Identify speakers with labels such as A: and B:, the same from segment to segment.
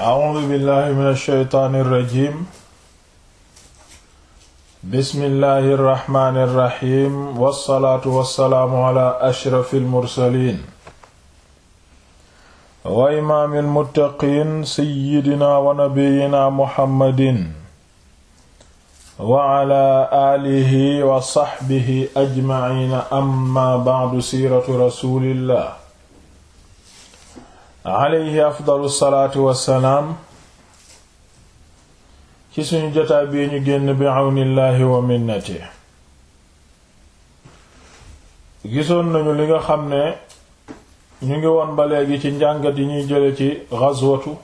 A: A'uuzu billaahi mina shaytaani rajiim. Bismillaahi rahmaani rahiim. Wassalaatu wassalaamu alaa ashrafil mursaliin. Wa imaamil muttaqiin sayyidinaa wa nabiyyinaa Muhammadin. Wa alaa aalihi wa sahbihi ajmaciina, ammaa ba'du siiratu rasuulillaah. alayhi afdalu salaatu wassalaam ci suñu jotaa bii ñu génn bi àwnillaahi wa minnati gisoon nañu li nga xam ne ñu ngi woon ba léegi ci njàngat yi ñuy jële ci ghazwatu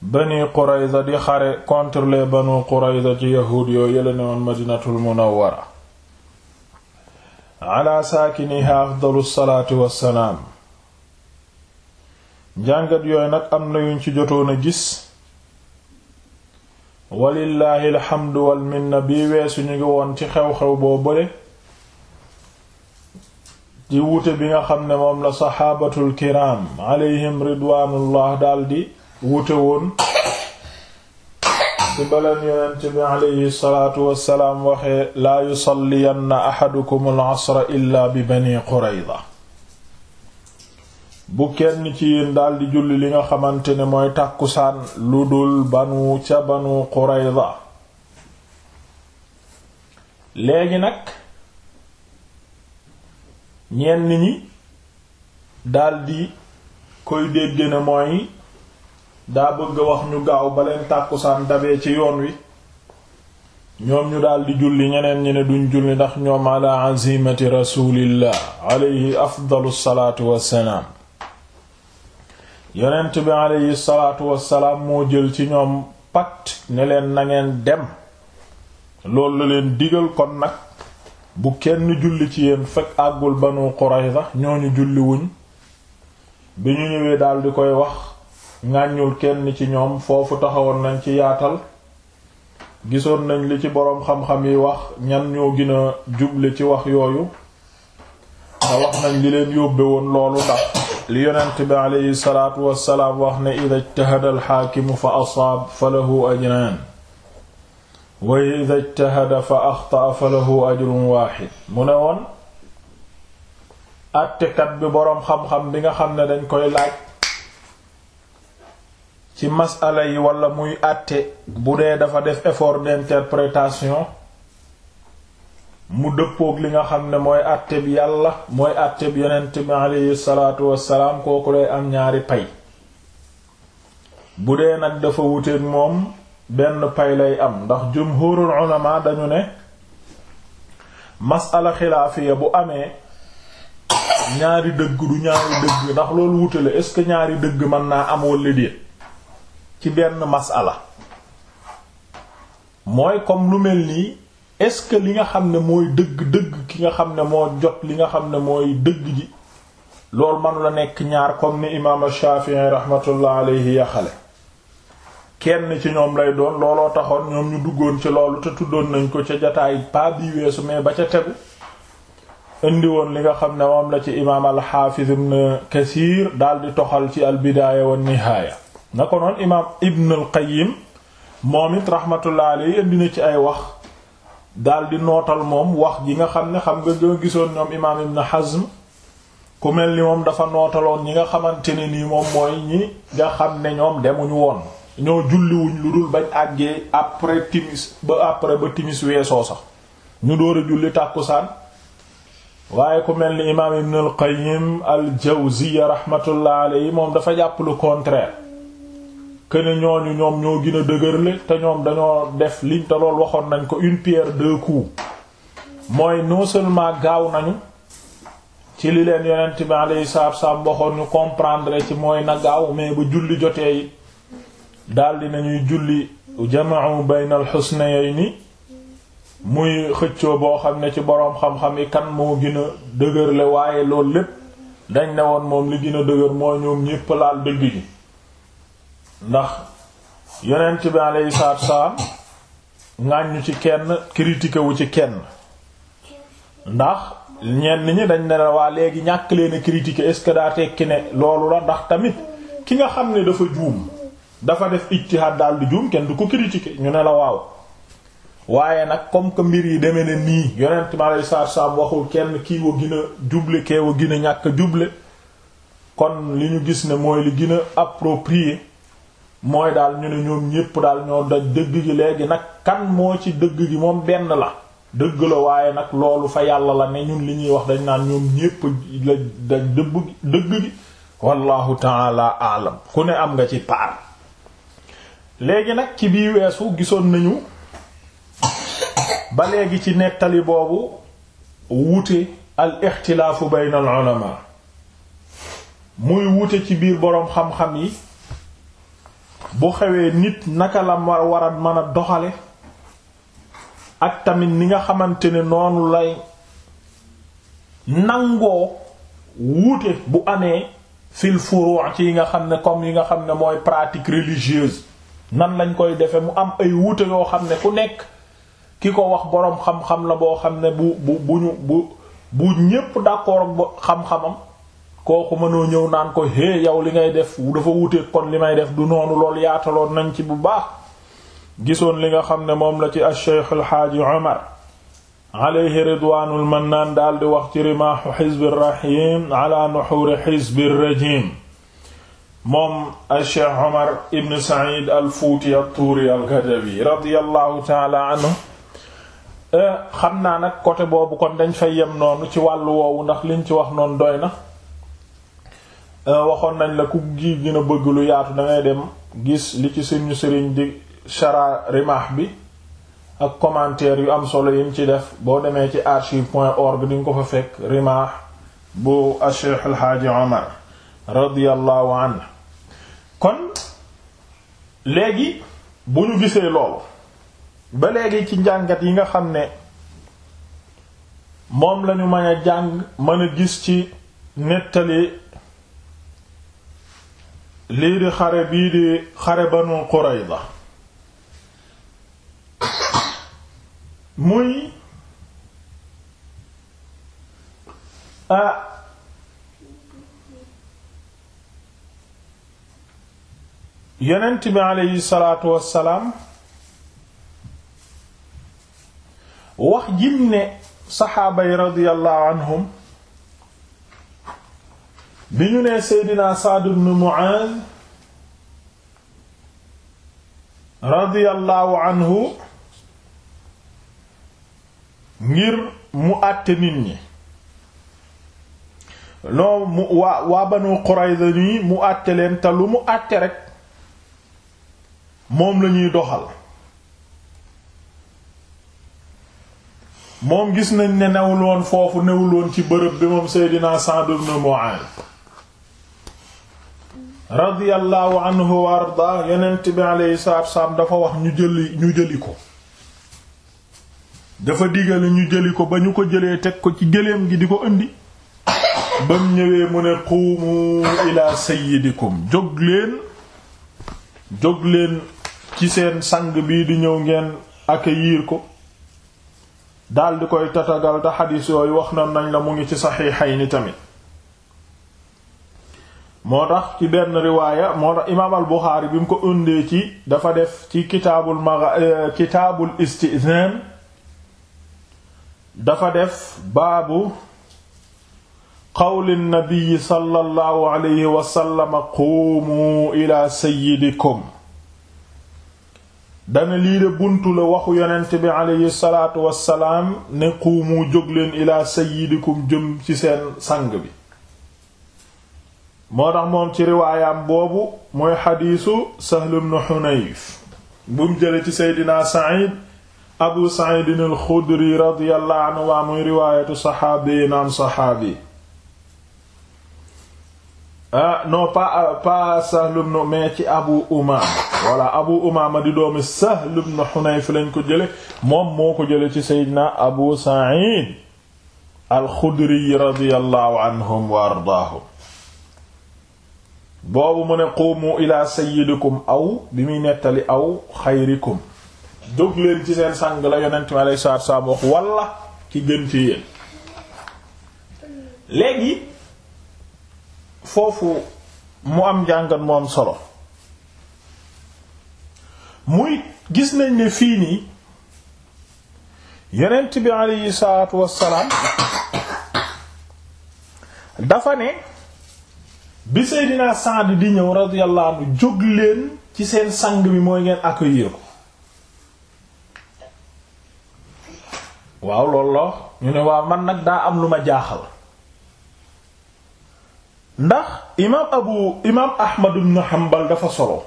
A: bani qurayza di xare contre les banu qurayza ci yahuud yoo yële ne woon madinatul munawwara ala saakiniha afdalu salaatu wassalaam jàngat yooyu nag am na yuñ ci jotoon a gis walillaahi alxamdu wal minna bi weesu ñu ngi woon ci xew-xew boo bële ci wuute bi nga xam ne moom la saxaabatul kiram alayhim ridwaanullah daldi wuute woon ci baleen yonent bi alayhi salaatu wassalaam waxe laa yusalliyanna ahadukum al illa bi bani qurayda bu kenn ci yéen daldi julli li nga xamante ne mooy tàkkusaan lu dul banu ca banu Qurayza léegi nag ñenn ñi daldi koy dégg ne mooy daa bëgg wax ñu gaaw ba leen tàkkusaan dabee ci yoon wi ñoom ñu daldi julli ñeneen ñi ne duñ julli ndax ñoom ala azimati rasulillah alayhi afdalu salaatu wassalaam yonent bi aleyhi salaatu wassalaam moo jël ci ñoom pat ne leen nangeen dem loolu la leen digal kon nag bu kenn julli ci yéen fekk àggul banu Qurayza ñooñu julli wuñ bi ñu ñëwee daal koy wax ŋàññul kenn ci ñoom foofu taxawoon nañ ci yaatal gisoon nañ li ci boroom xam-xam yi wax ñan ñoo gën juble ci wax yooyu te wax nañ li leen yóbbe woon loolu ndax li yonent bi alayhi salaatu wassalaam wax ne ida ijtahada alxaakimu fa asaab fa lahu ajraan wa ida ijtahada fa axtaa fa waaxid mu ne woon àttekat bi boroom xam-xam bi nga xam ne dañ koy laaj ci masala yi wala muy àtte bu dee dafa def effort d'interprétation mu dëppook li nga xam ne mooy àtte yàlla mooy àtte bi yonent bi aleyhi salaatu wassalaam kooku lay am ñaari pay bu dee nag dafa wuteeg moom benn pay lay am ndax jumhurul ulama dañu ne masala xilaafiya bu amee ñaari dëgg du ñaari dëgg ndax loolu wute la est-ce ñaari dëgg mën naa am walla ci benn masala mooy comme lu mel nii est-ce que li nga xam ne mooy dëgg-dëgg ki nga xam ne moo jot li nga xam ne mooy dëgg ji loolu manu la nekk ñaar comme ni imaam Shafi'i rahmatullah alayhi yaxale kenn ci ñoom lay doon looloo taxoon ñoom ñu duggoon ci loolu te tuddoon nañ ko ca jataay pa bi weesu mais ba ca tegu indi woon li nga xam ne moom la ci imaam al-Hafiz ibn Kathir daal di toxal ci al-Bidaaya wa Nihaaya na ko noon imaam Ibn al moom it rahmatullah indi na ci ay wax daal di nootal moom wax ji nga xam ne xam nga ñoo gisoon ñoom imaam Ibn Hazm ku mel ni moom dafa nootaloon ñi nga xamante ne nii moom mooy ñi nga xam ne ñoom demuñu woon ñoo julliwuñ lu dul bañ àggee après timis ba après ba timis weesoo sax ñu door a julli tàkkusaan waaye ku mel ni imaam Ibn al-Qayyim al-Jawziyya rahmatullah alayhi moom dafa jàpp lu contraire ne ñooñu ñoom ñoo gën a dëgërle te ñoom dañoo def liñ te lool waxoon nañ ko une pierre deux coups mooy non seulement gaaw nañu ci li leen yonent bi alayhi salaatu wassalaam ñu comprendre ci mooy na gaaw mais ba julli jotee yi daldi nañuy julli jama'u bayna al-husnayni muy xëccoo boo xam ne ci boroom xam-xam yi kan moo gën a dëgërle waaye lool lépp dañ ne woon moom li gina a dëgër mooy ñoom ñépp laal dëgg gi ndax yonent bi alayhi salaatu salaam ŋàññu ci kenn critiqué wu ci kenn ndax ñenn ñi dañ ne waa léegi ñàkk leen a critiqué ce que daa tekki ne loolu la ndax tamit ki nga xam ne dafa juum dafa def ijtihaad daal di juum kenn du ko critiqué ñu ne la waaw. waaye nag comme que mbir yi demee ne nii yonent bi alayhi salaatu salaam waxul kenn kii wa gën a juble kee wa gën ñàkk juble kon li ñu gis ne mooy li gën a approprié. mooy daal ñu ne ñoom ñépp daal ñoo daj dëgg gi léegi nag kan moo ci dëgg gi moom benn la dëgg la waaye nag loolu fa yàlla la ne ñun li ñuy wax dañ naan ñoom ñépp la daj dëbb dëgg gi wallahu taala alam ku ne am nga ci paar léegi nag ci biir weesu gisoon nañu ba léegi ci nettali boobu wuute al ixtilaafu bayna al ulama muy wuute ci biir boroom xam-xam yi bu xewee nit naka la war a mën a doxale ak tamit ni nga xamante ne noonu lay nangoo wuute bu amee fil furu' ci yi nga xam ne comme yi nga xam ne mooy pratique religieuse nan lañ koy defe mu am ay wuute yoo xam ne ku nekk ki ko wax boroom xam-xam la boo xam ne bu bu bu ñu bu bu ñépp d'accord ak xam-xamam kooku mënoo ñëw naan ko hé yow li ngay def dafa wuteeg kon li may def du noonu lool yaataloon nañ ci bu baax gisoon li nga xam ne moom la ci ash-Shaykh al-Haaji Omar alayhi ridwaanul mannaan daldi wax ci rimaahu xizbir rahiim ala nuxuuri xizbir rajiim moom ash-Shaykh al-Fuuti at-Tuuri al-Gadawi radiyallahu ta'ala anhu eh, xam naa nag côté boobu kon dañ fay yem noonu ci wàllu woowu ndax liñ ci wax noonu doy na Euh, waxoon nañ la ku gi gën a bëgg lu yaatu da ngay dem gis li ci suñu sëriñ di chara rimah bi ak commentaire yu am solo yi mu ci def boo demee ci archive point org di nga ko fa fekk rimah bu Cheikh El Hadji Omar radiyallahu kon léegi bu ñu gisee lool ba léegi ci njàngat yi nga xam ne moom lañu mën a jàng mën a gis ci nettali lii di xare bii di xare Banu Qurayza muy a yonent bi aleyhi salaatu wassalaam wax jim ne saxaaba yi radiyallahu anhum bi ñu nee Seydina Saad ibn Mu'aaz radiyallahu anhu ngir mu àtte nit ñi loo mu waa waa Banu Qurayza nii mu àtte leen te lu mu àtte rek moom la ñuy doxal moom gis nañ ne newuloon foofu newuloon ci bërëb bi moom Seydina Saad ibn Mu'aaz radiyallahu anhu wa arda yonent bi alayhi salaatu salaam dafa wax ñu jëli ñu jëli ko dafa digale ñu jëli ko ba ñu ko jëlee teg ko ci gëléem gi di ko indi bam ñëwee mu ne quumu ila sayyidikum jóg leen jóg leen ci seen sang bii di ñëw ngeen yiir ko daldi koy tatagal te xadiis yooyu wax na nañ la mu ngi ci saxiixayni tamit moo tax ci benn riwaaya moo Buxaari bi mu ko ëndee ci dafa def ci kitaabul maga eh, kitaabul istizaan dafa def baabu qawli nabiyi sallallahu alayhi wa sallam quumu ila sayyidikum dana lii de buntu la waxu yonent bi alayhi salaatu wassalaam ne quumu jóg leen ila sayyidikum jëm ci seen sang bi moo tax moom ci riwaayaam boobu mooy xadiisu Sahl ibn Hunayf bu mu jële ci seydinaa Sa'id Abu Sa'id al-Khudri radiyallahu waa muy riwaayatu saxaabi naan saxaabi ah non pas pas ci Abu Umaama walla Abu Umaama di moo ko boobu mu ne qumu ila sayyidikum aw bi muy nettali aw xayrikum jóg leen ci seen sang la yonent mi alayhi salaatu salaam wax walla ci gën ci yéen léegi foofu mu am njàngat mu am solo muy gis nañ ne fii nii yonent bi alayhi salaatu salaam dafa ne bi Seydina Saad di ñëw radiyallahu anhu jóg leen ci seen sang bi mooy ngeen accueillir ko waaw loolu la ñu ne waaw man nag daa am lu ma jaaxal ndax imaam abu imaam Ahmad ibn Hanbal dafa solo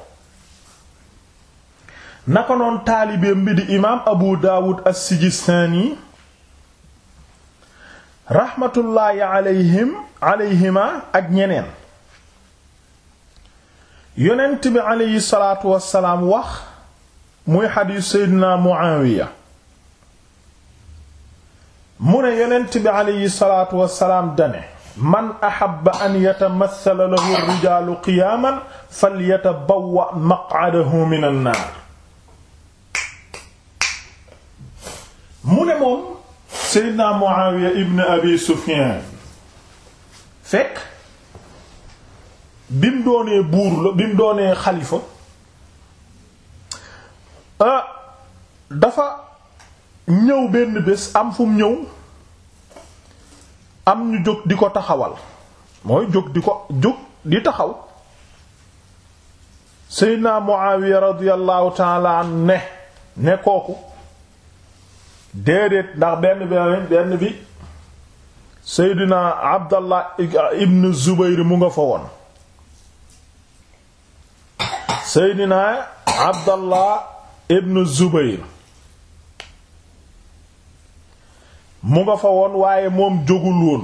A: naka noonu taalibeem bi di imaam Abu Dawud as-Sijistani rahmatullahi alayhim ak ñeneen yonent bi aleyhi salaatu wassalaam wax muy xadiis seydina Muawiya mu ne yonent bi aleyhi salaatu wassalaam dane man axabba an yatamassala lahu rijaalu qiyaaman falyatabawwa maq'adahu min an-naar mu ne moom seydina Muawiya ibn abi Sufyaan fekk bi mu doonee buur la bi mu doonee xalifa ah, dafa ñëw benn bés am fu mu ñëw am ñu jóg di ko taxawal mooy jóg di ko jóg di taxaw Seydina Muawiya radiyallahu ta'ala ne ne kooku déedéet ndax benn bi benn bi Seydina Abdallah ibn Zubayr mu nga fa woon seydina abdallah ibn zubayr mu nga fa woon waaye moom jógul woon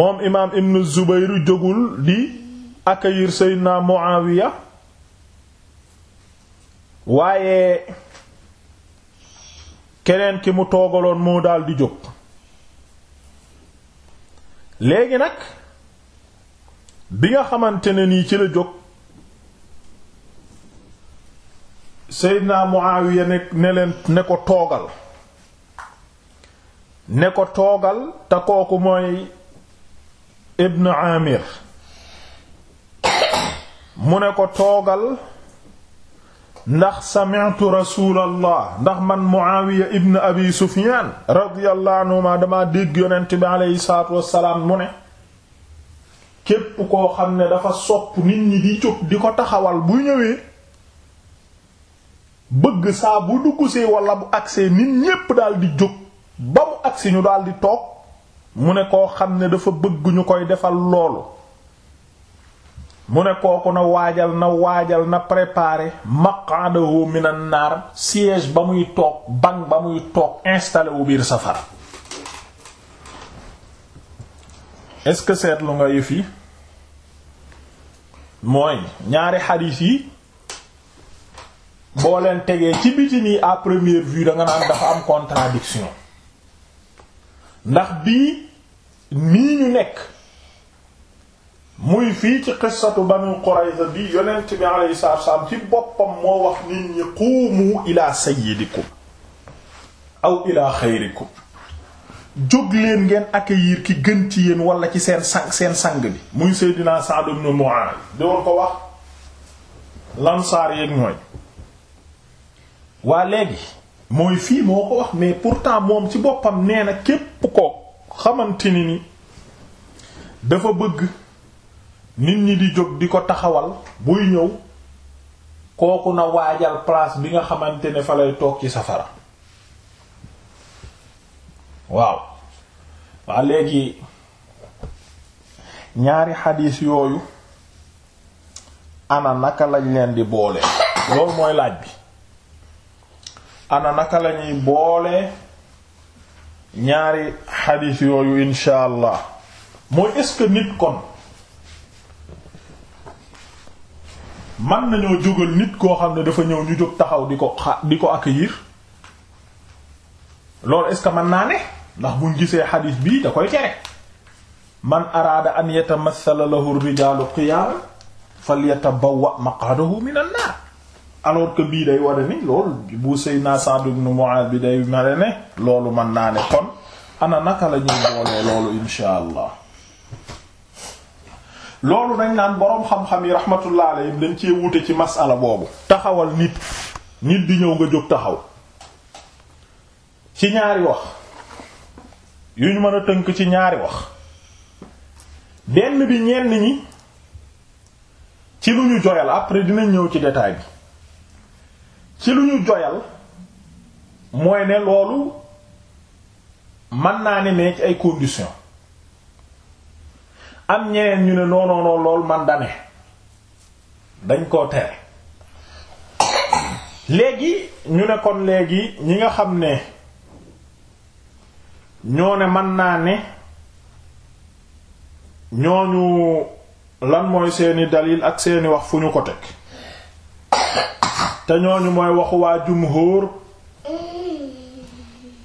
A: moom imaam ibn zubayr jógul di accueillir seydina muawiya waaye keneen ki mu toogaloon moo daldi jóg léegi nag bi nga xamante ne nii ci la jóg Seydina Muawiya ne ne leen ne ko toogal ne ko toogal te kooku mooy Ibn Amir mu ne ko toogal ndax sami'tu rasulallah ndax man Muawiya ibn Abi Sufyan radiyallahu anhu ma dama dégg yonent bi aleyhi salaatu wassalaam mu ne képp koo xam ne dafa sopp nit ñi di jóg di ko taxawal bu ñëwee bëgg saabu bu duggsee wala bu agsee nit ñépp dal di jóg ba mu agsi ñu daal di toog mu ne koo xam ne dafa bëgguñu koy defal loolu mu ne kooku na waajal na waajal na préparer maq'adahu minan nar siège ba muy toog banc ba muy toog installé wu biir safar est-ce que seetlu nga yëf mooy ñaari xadiis yi boo leen tegee ci biti nii à première vue da nga naan dafa am contradiction ndax bii nii ñu nekk muy fii ci qissatu banu Qurayza bi yonent bi alayhi salaatu wassalaam ci boppam moo wax nit ñi quumu ila sayyidikum aw ila xayrikum jóg leen ngeen accueillir ki gën ci yéen wala ci seen sang seen sang bi muy Seydina Sa'd ibn Mu'adh di woon ko wax lansaar yeeg ñooy waa léegi mooy fii moo ko wax mais pourtant moom ci boppam nee na képp ko xamante ni ni dafa bëgg nit ñi di jóg di ko taxawal buy ñëw kooku na waajal place bi nga xamante ne fa lay toog ci safara waaw waa léegi ñaari xadiis yooyu ana naka lañ leen di boole loolu mooy laaj bi ana naka lañuy boole ñaari xadiis yooyu insha allah mooy est-ce que nit kon man nañoo jógal nit koo xam ne dafa ñëw ñu jóg taxaw di ko xa di ko accueillir loolu est-ce naa ne ndax buñ gisee xadiis bi da koy tere man araada an yatamathala lahu rijaalu qiyaama falyatabawwa maq'adahu min an-naar alors que bii day wara ni loolu bu Seydina Sa'd ibn Mu'adh bi day mare ne loolu mën naa ne kon ana naka la ñuy loolu insha loolu dañ naan boroom xam-xam yi rahmatullah alayhim dañ cee wuute ci masala boobu taxawal nit nit di ñëw nga jóg taxaw ci ñaari wax yu ñu mën a tënk ci ñaari wax benn bi ñenn ñi ci lu ñu joyal après dinañ ñëw ci détail bi ci lu ñu joyal mooy ne loolu mën naa ne mais ci ay conditions am ñeneen ñu ne non non man dane dañ koo tere léegi ñu ne kon léegi ñi nga xam ne ñoo ne mën naa ne ñooñu lan mooy seeni daliil ak seeni wax fu ñu ko teg te ñooñu mooy waxu waa jumhur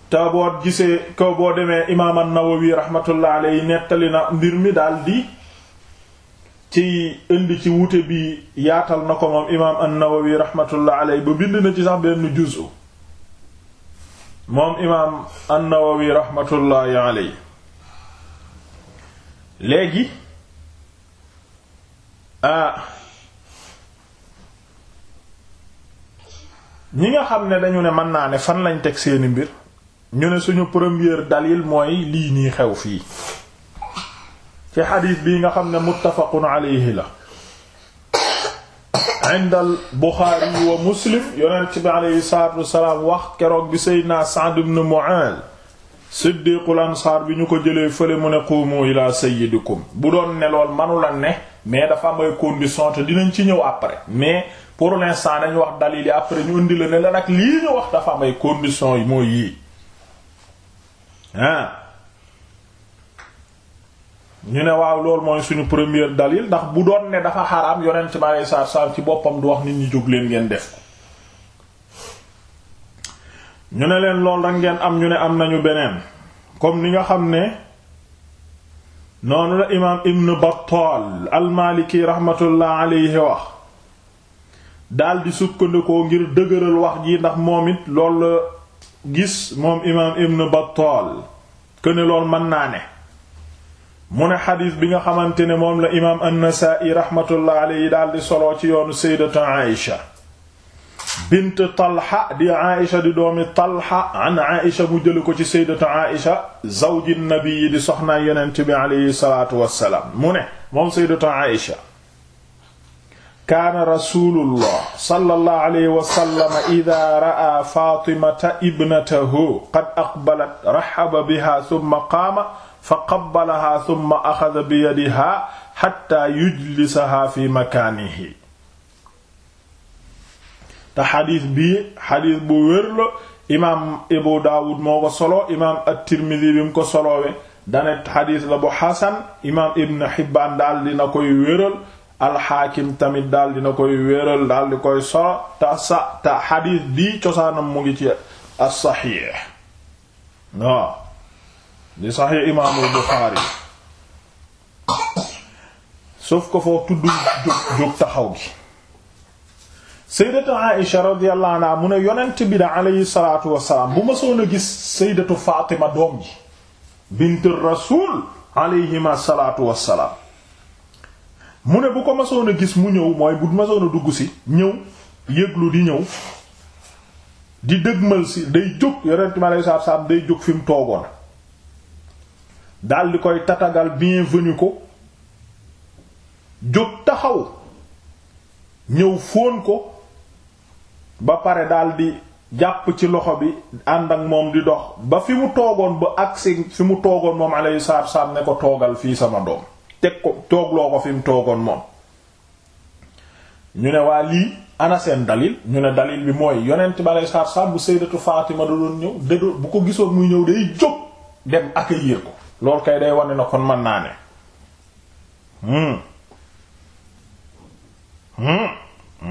A: te boo gisee ko boo demee imaam an-Nawawi rahmatullah alayhi nettali na mbir mi daal di ci indi ci wute bi yaatal na ko moom imaam an-Nawawi rahmatullah alayhi bu bind na ci sax benn juz'u moom imaam an-Nawawi raxmatullaahi aley léegi ah ñi nga xam ne dañu ne mën naa ne fan lañ teg seeni mbir ñu ne suñu premier dalil mooy lii nii xew fii ci xadiis bii nga xam ne muttafaqun aleyhi la inda al Buxaari wa Muslim yonent bi aleyhi wax keroog bi naa Sa'd ibn Mu'aaz siddiqul ansaar bi ñu ko jëlee fële mu ne qumu ila sayyidikum bu doon ne lool la ne mais dafa am ay condition te dinañ ci ñëw après mais pour l'instant dañu wax dalil yi après ñu indi la ne la nag lii ñu wax dafa am ay condition yi mooy yii ñu ne waaw loolu mooy suñu premier dalil ndax bu doon ne dafa xaraam yonent bi aleyhi salaatu salaam ci boppam du wax nit ñi jóg leen ngeen def ko ñu ne leen lool rek ngeen am ñu ne am nañu beneen comme li nga xam ne noonu la imaam Ibn Battal al-Maliki rahmatullah aleyhi wax daldi sukkandikoo ngir dëgëral wax ji ndax moom it loolu la gis moom imaam Ibn Battal que ne mën naa ne. mu ne xadiis bi nga xamante ne moom la imaam an-Nasaa'i raxmatullah alayhi daldi solo ci yoonu sayyidatu Aïsha bint Talha di Aïsha di doomi Talha an Aïsha mu jële ko ci sayyidatu Aïsha zawji nabi di soxnaa yonent bi alayhi salaatu wassalaam mu ne moom sayyidatu Aïsha kaana rasulullah sallallahu alayhi wa sallam idaa ra'aa Faatimata ibnatahu qad aqbalat raxaba biha summa qaama fa qabbalahaa thumma axada bi yadihaa xatta yujlisahaa fi makaanihi te xadiis bii xadiis bu wér la imaam Abu Daawud moo ko solo imaam at-Tirmidi bi mu ko solowee danet xadiis la bu xasan imaam Ibn Hibbaan daal dina koy wéral alxaakim tamit daal dina koy wéral daal di koy solo te xadiis bii cosaanam mu ngi ci as-Saxiix di saxi imaamul Buxaari sauf que foofu tudd jóg taxaw gi sayyidatu Aïsha radiyallahu anha mu ne yonent bi da alayhi salaatu wassalaam bu ma soon a gis sayyidatu Faatima doom ji bint rasuul alayhima salaatu wassalaam mu ne bu ko masoon gis mu ñëw mooy bu masoon dugg si ñëw yëglu di ñëw di dëgmal si day jóg yonent bi alayhi salaatu wassalaam day jóg fi mu toogoon daldi di koy tatagal bienvenu ko jóg taxaw ñëw fóon ko ba pare daldi jàpp ci loxo bi ànd ak moom di dox ba fi mu toogoon ba agsi fi mu toogoon moom alayhi salaatu salaam ne ko toogal fii sama doom teg ko toogloo ko fi mu toogoon moom ñu ne waa lii ana seen dalil ñu ne dalil bi mooy yonent bi alayhi salaatu salaam bu sayyidatu Faatima da ñëw bu ko gisoon muy ñëw day jóg dem accueillir ko loolu kay day wane na kon mën naa ne hmm hmm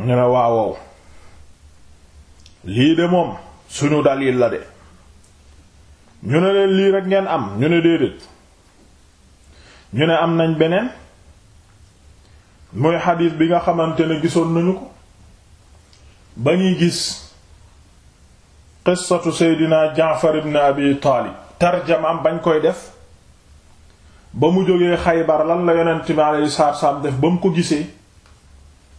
A: ñu ne waawow lii de moom suñu dalil la de ñu ne leen lii rek ngeen am ñu ne déedéet ñu ne am nañ beneen muy xadiis bi nga xamante ne gisoon nañu ko ba ñuy gis qissatu seydina jaafar ibn abi taalib tarjamaam bañ koy def ba mu jógee xaybar lan la yonent bi alayhi salaatu salaam def ba mu ko gisee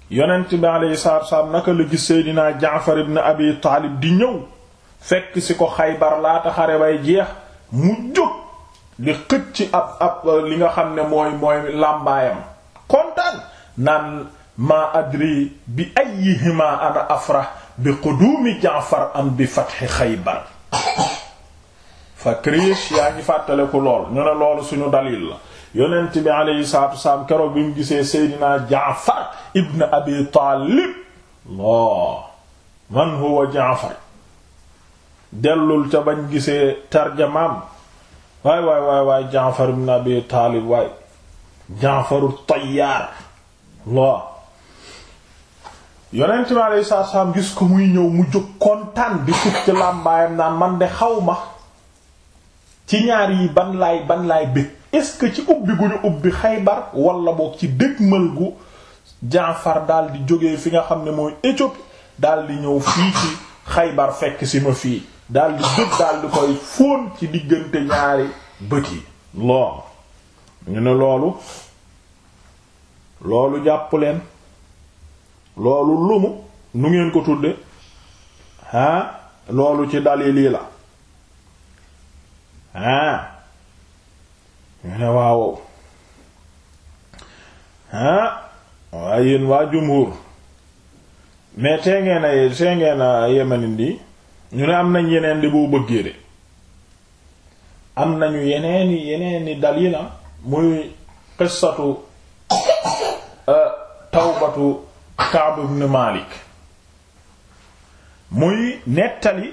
A: yonent bi alayhi salaatu salaam naka la gis dinaa jaafar ibn abi taalib di ñëw fekk ci ko xaybar laata xare bay jeex mu jóg di xëcc ab ab li nga xam ne mooy mooy làmbaayam kontaan naan maa adri bi ayyihima ana afrah bi quduumi jaafar am bi fatxi xaybar fa kriis yaa ngi fàttaleku lool ñu ne loolu suñu dalil la yonent bi alayhi salaatu wasalaam keroog bi mu gisee seydina jaafar ibn abi taalib laa man huwa jaafar dellul ca bañ gisee tarjamaam waay waay waay jaafar ibn abi taalib waay jaafaru tayyaar laa yonent bi alayhi salaatu wasalaam gis ko muy ñëw mu jóg kontaan di sukk ci làmbaayam naan man de xaw ma ci ñaar yi ban laay bëgg est-ce que ci ubbi gu ñu ubbi Xaybar walla boog ci dëgmal gu Jaafar daldi jóge fi nga xam ne mooy Éthiopie daal di ñëw fii ci Xaybar fekk si ma fii daldi di jóg koy fóon ci diggante ñaari bët yi lool ñu ne loolu loolu jàpp leen loolu lumu nu ngeen ko tudde ah loolu ci dalil yi la ah ñu ne waaw ah waaye yéen waa jumhur mais tee ngeen a tee ngeen a yemanin di ñu ne am nañ yeneen di boo bëggee de am nañu yeneen i yeneen i dalil muy qissatu euh, tawbatu Ka'b ibn Malik muy nettali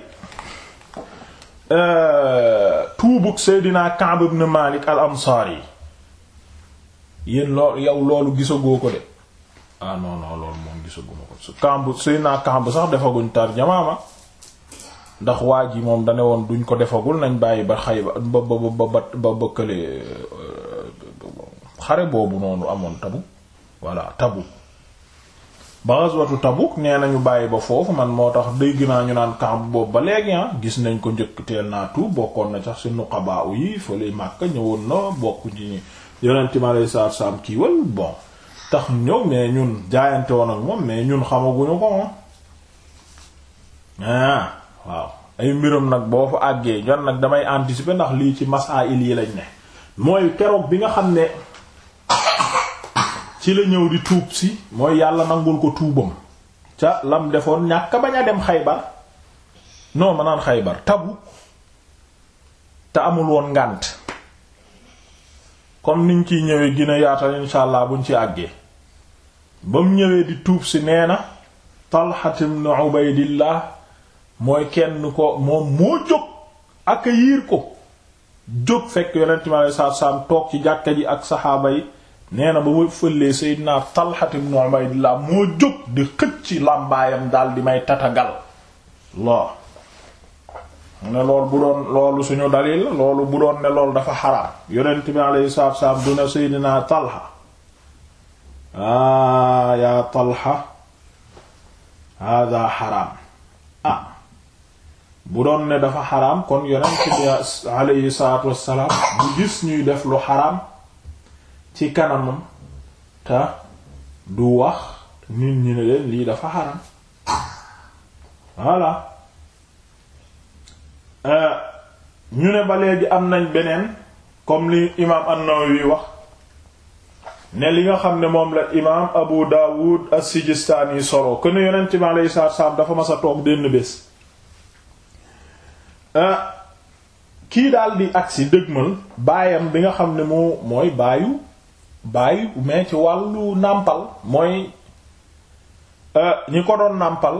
A: Euh, tuubug Seydina Ka'b ibn Malik al-Ansari yéen lool yow loolu gisagoo ko de ah non non loolu moom gisaguma ko su Ka'b Seydina Ka'b sax defaguñ tar tarjamaama ndax waa ji moom dane woon duñ ko defagul nañ bàyyi ba xay ba ba ba ba bëkkale euh, xare boobu noonu amoon tabu voilà tabu ba ghazwatu Tabuk nee nañu bàyyi ba foofu man moo tax dégg naa ñu naan camp boobu ba léegi ah gis nañ ko njëkk teel naatu bokkoon na sax ci nuqaba yi fële Makka ñëwoon na bokk ci yonent mi alayhi salaatu salaam kiiwal bon tax ñëw mais ñun jaayante woon ak moom mais ñun xamaguñu ko moom ah waaw ay mbiram nag boo fa àggee jon nag damay anticiper ndax lii ci masaa il yi lañ ne mooy keroog bi nga xam ne. ci la ñëw di tuub si mooy yàlla nangul ko tuubam ca lam defoon ñàkk bañ a dem xaybar noo ma naan xaybar tabu te amul woon ngànt kon niñ ciy ñëwee gina yaatal insha allah buñ ci àggee ba mu ñëwee di tuub si nee na Talha ibn Ubaydillah mooy kenn ko moom moo jóg accueillir ko jóg fekk yonent mi alayhi salaatu toog ci jàkka ji ak saxaaba yi nee na ba ma fëlee Seydina Talha ibn Ubaydillah moo jóg di xëcc làmbaayam daal di may tatagal loo ne lool bu doon loolu suñu dalil loolu bu doon ne loolu dafa xaraam yonent bi alayhi salaatu salaam du ne Seydina Talha aa ah, yaa Talha hada xaraam ah. bu doon ne dafa xaraam kon yonent bi bu gis ñuy def lu xaraam ci kanamam te du wax nit ñi ne leen lii dafa xaram voilà euh, ñu ne ba bi am nañ beneen comme li imaam an-Nawawi wax ne li nga xam ne moom la imaam Abu Dawud as-Sijistaani solo kon yonent mi alayhi salaatu salaam dafa mas a toog denn bés euh, kii daal di agsi dëgmal baayam bi nga xam ne moo mooy baayu bàyyi mais ci wàllu nàmpal mooy euh, ñi ko doon nàmpal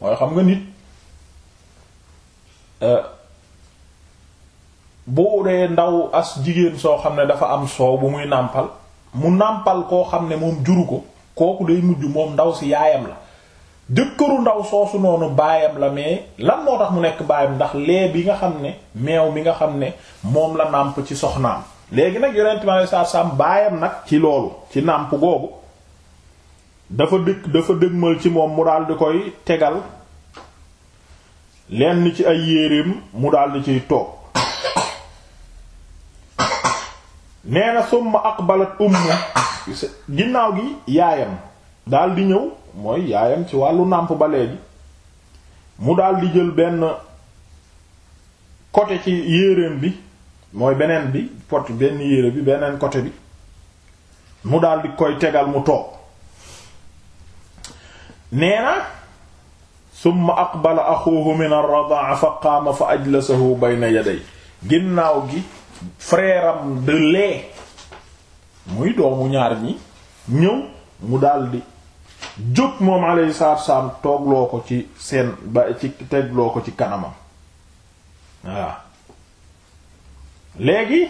A: mooy xam nga nit euh, boo dee ndaw as jigéen soo xam ne dafa am soow bu muy nàmpal mu nàmpal koo xam ne moom juru ko kooku day mujj moom ndaw si yaayam la jëkkëru ndaw soosu noonu baayam la mais lan moo tax mu nekk baayam ndax lee bi nga xam ne meew mi nga xam ne moom la nàmp ci soxnaam léegi nag yonent ma saa saam baayam nag ci loolu ci nàmp googu dafa dëkk dafa dëgmal ci moom mu daal di koy tegal lenn ci ay yéreem mu daal di ciy toog nee ak summa aqbalat ummu ginnaaw gi yaayam daal di ñëw mooy yaayam ci wàllu nàmp ba léegi mu daal di jël benn côté ci yéreem bi mooy beneen bi pot benn yére bi beneen côté bi mu daldi di koy tegal mu toog nee na summa aqbala axuhu min ar-radaa fa qaama fa ajlasahu bayna yaday ginnaaw gi freeram am de muy doomu ñaar ñi ñëw mu daldi jóg moom alayhi salaatu wa salaam toogloo ko ci seen ba ci tegloo ko ci kanamam waaw léegi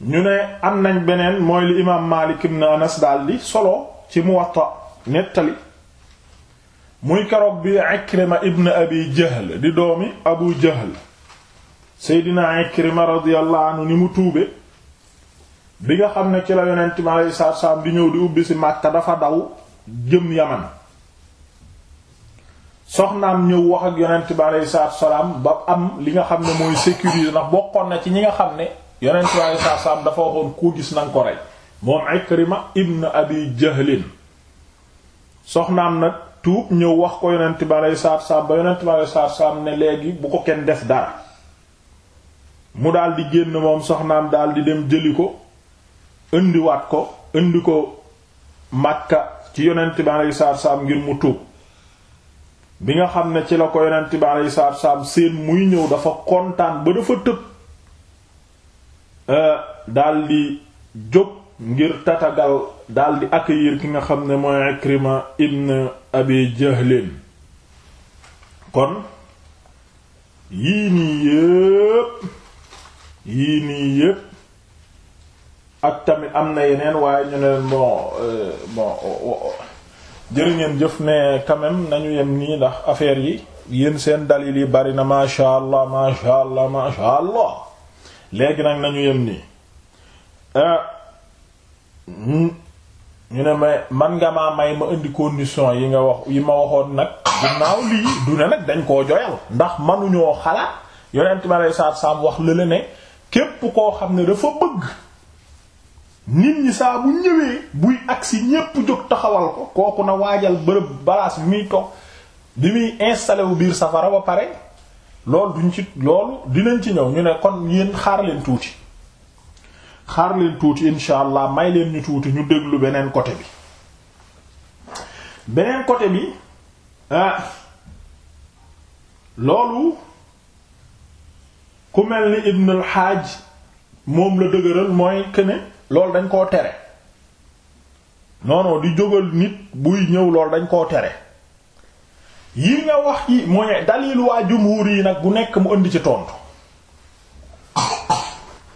A: ñu ne am nañ beneen mooy li imaam Maalik ibn Anas daldi solo ci Muwatta nettali muy keroog bi Ikrima ibn Abi Jahl di doomi Abu Jahl Seydina Ikrima radiyallahu ni mu tuube bi nga xam ne ci la yonent mi alayhi salaatu salaam di ñëw di ubbi si Makka dafa daw jëm Yaman soxnaam ñëw wax ak yonent bi aleyhi salaam ba am li nga xam ne mooy sécuriser ndax bokkoon na ci ñi nga xam ne yonent bi aleyhi salaatu salaam dafa waxoon koo gis nanga ko rey moom Ikrima ibn Abi Jahlin soxnaam nag tuub ñëw wax ko yonent bi aleyhi salaatu ba yonent bi ne léegi bu ko kenn def dara mu daldi génn moom soxnaam daal di dem jëli ko indiwaat ko indi ko Makka ci yonent bi aleyhi saam ngir mu tuub bi nga xam ne ci la ko yonent bi alayhi salaatu salaam seen muy ñëw dafa kontaan ba dafa tëb euh, daldi jóg ngir tatagal daldi accueillir ki nga xam ne mooy Ikrima ibn Abi Jahlin kon yii nii yépp yii nii yépp ak tamit am na yeneen waaye ñu ne leen bon euh, jërë jëf ne quand nañu yem nii ndax affaire yi yéen seen dalil yi bari na masha allah masha allah masha allah léegi nag nañu yem nii euh, ñu ne ma man nga maa may ma indi condition yi nga wax yi ma waxoon nag ginnaaw lii du ne nag dañ koo joyal ndax manuñoo xalaat yonent ma lay saat saam wax lële képp koo xam ne dafa bëgg nit ñi saabu bu ñëwee buy agsi ñépp jóg taxawal ko kooku na waajal bërëb balaas bi muy toog bi muy installé wu biir safara ba pare loolu duñ ci loolu dinañ ci ñëw ñu ne kon yéen xaar leen tuuti xaar leen tuuti incha allah may leen ñu tuuti ñu déglu beneen côté bi beneen côté bi ah, loolu ku mel ni Ibn Hajj moom la dëgëral mooy que loolu dañ koo tere non di jógal nit buy ñëw loolu dañ koo tere yi nga wax yi mooy dalil waa jumhuur yi nag bu nekk mu indi ci tontu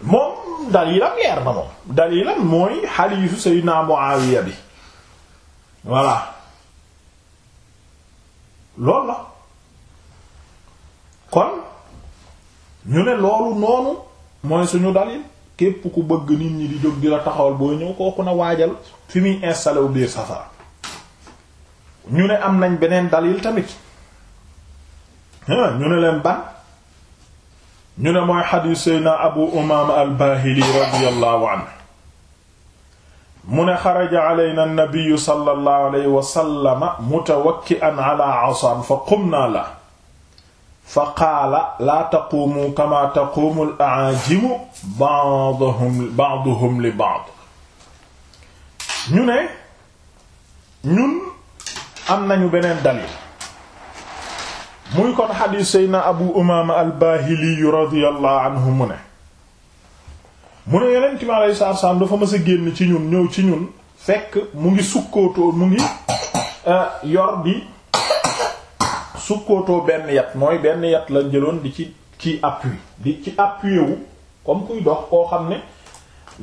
A: moom dalilam leer na moom dalilam mooy xadiisu Seydina Muawiya bi voilà loolu la kon ñu ne loolu noonu mooy suñu dalil képp ku bëgg nit ñi di jóg di la taxawal boo ñëw kooku na waajal fi muy installé wu biir safara ñu ne am nañ beneen dalil tamit ñu ne leen ban ñu ne mooy xadiis Seydina Abu Umaama al-Baahili radiyallahu anhu mu ne xaraja alayna an-nabiyyu sallallahu alayhi wa sallama mutawakki'an ala asaan fa qumna la fa qaala laa taquumu kama taquumu al a'aajimu li ba'd ñu ne ñun am nañu beneen dalil muy kon xadiis seydna abu umaama al baahiliyu radiyallahu anhu mu ne dafa mës a génn ci ñun ñëw ci ñun fekk mu ngi sukkootoo mu ngi euh, yor sukkootoo benn yat mooy benn yat la jëloon di ci ci appui di ci appuyé wu comme kuy dox koo xam ne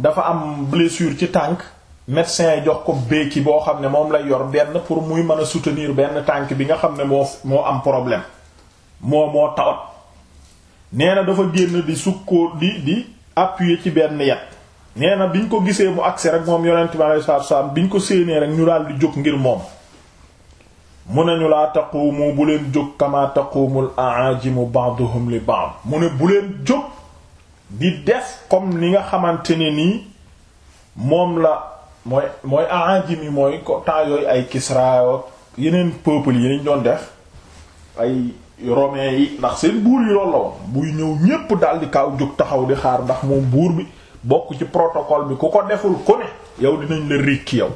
A: dafa am blessure ci tànk médecin yi jox ko béeki boo xam ne moom lay yor benn pour muy mën a soutenir benn tànk bi nga xam ne moo moo am problème moo moo tawat nee na dafa génn di sukkoo di di appuyer ci benn yat nee na bi ñu ko gisee mu agsi rek moom yonent bi alayhi salaatu bi salaam ko séenee rek ñu daal di jóg ngir moom mu ne ñu laa taquumu bu leen jóg kama taquumul aajimu ba'duhum li ba'd mu ne bu leen jóg di def comme ni nga xamante ne nii moom la mooy mooy aajim yi mooy ko temps ay Kisra yeneen peuples yi lañ doon def ay romains yi ndax seen buur yi loolu la woon buy ñëw ñépp daal di kaaw jóg taxaw di xaar ndax moom buur bi bokk ci protocole bi ku ko deful ku ne yow dinañ la rikki yow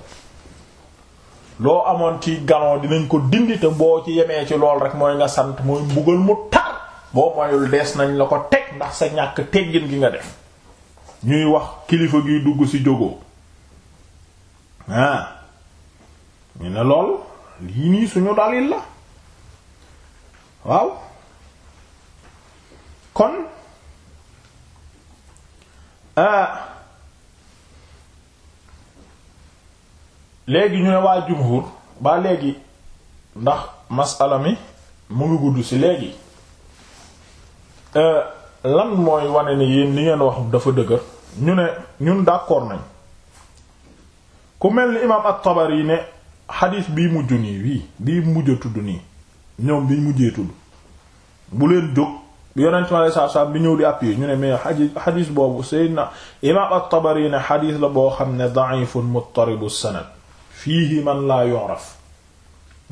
A: loo amoon ci galon dinañ ko dindi te boo ci yemee ci lool rek mooy nga sant mooy mbugal mu tar boo moyul dees nañ la ko teg ndax sa ñàkk teggin gi nga def ñuy wax kilifa giy dugg ci jógo ah ñu ne lool lii nii suñu dalil la waaw kon ah léegi ñu ne waa jumhur baa léegi ndax masala mi mu ngi gudd ci léegi euh, lan mooy wane ni yéen li ngeen wax dafa dëgër ñu ne ñun d'accord nañ ku mel ni imaam at ne xadiis bii mujj nii wii bii mujj a tudd nii ñoom bi mujjee tudd bu leen jóg yonent mi alayhi salaatu salaam bi ñëw di appuyer ñu ne mais xadiis xadiis boobu Seydina imaam at-Tabari ne xadiis la boo xam ne da'ifun muttaribu sanad fiihi man laa yu'raf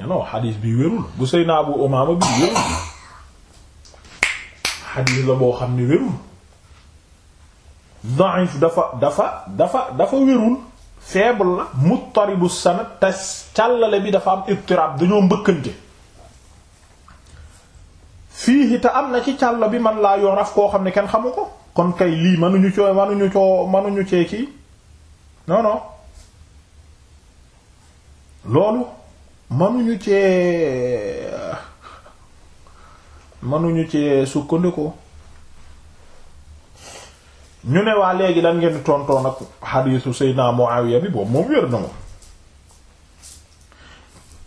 A: non xadis bi wérul bu Seydina Abu Umaama bi wérul xadis la boo xam ne wérul da'if dafa dafa dafa dafa wérul faible la muttaribu sanad te càllale bi dafa am ittirab dañoo mbëkkante fii te am na ci càll bi man laa yoraf koo xam ne kenn xamu ko kon kay lii mënuñu coo mënuñu coo mënuñu cee kii non non loolu mënuñu ci mënuñu ci sukkandiku ñu ne waa léegi lan ngeen tontoon ak xadiisu Seydina Muawiya bi boobu moom wér na moom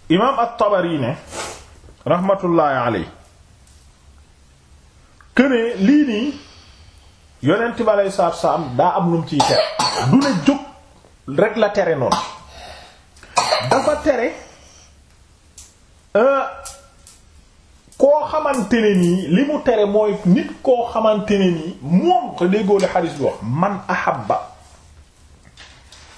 A: imaam at-Tabari ne raxmatullaahi aley kënee lii nii yonent bi aley salaatu daa am lum ciy tere du ne jóg rek la tere noonu dafa tere euh, koo xamante nii li mu tere mooy nit koo xamante ne nii moom xa déggoole xadis bi wax man ahabba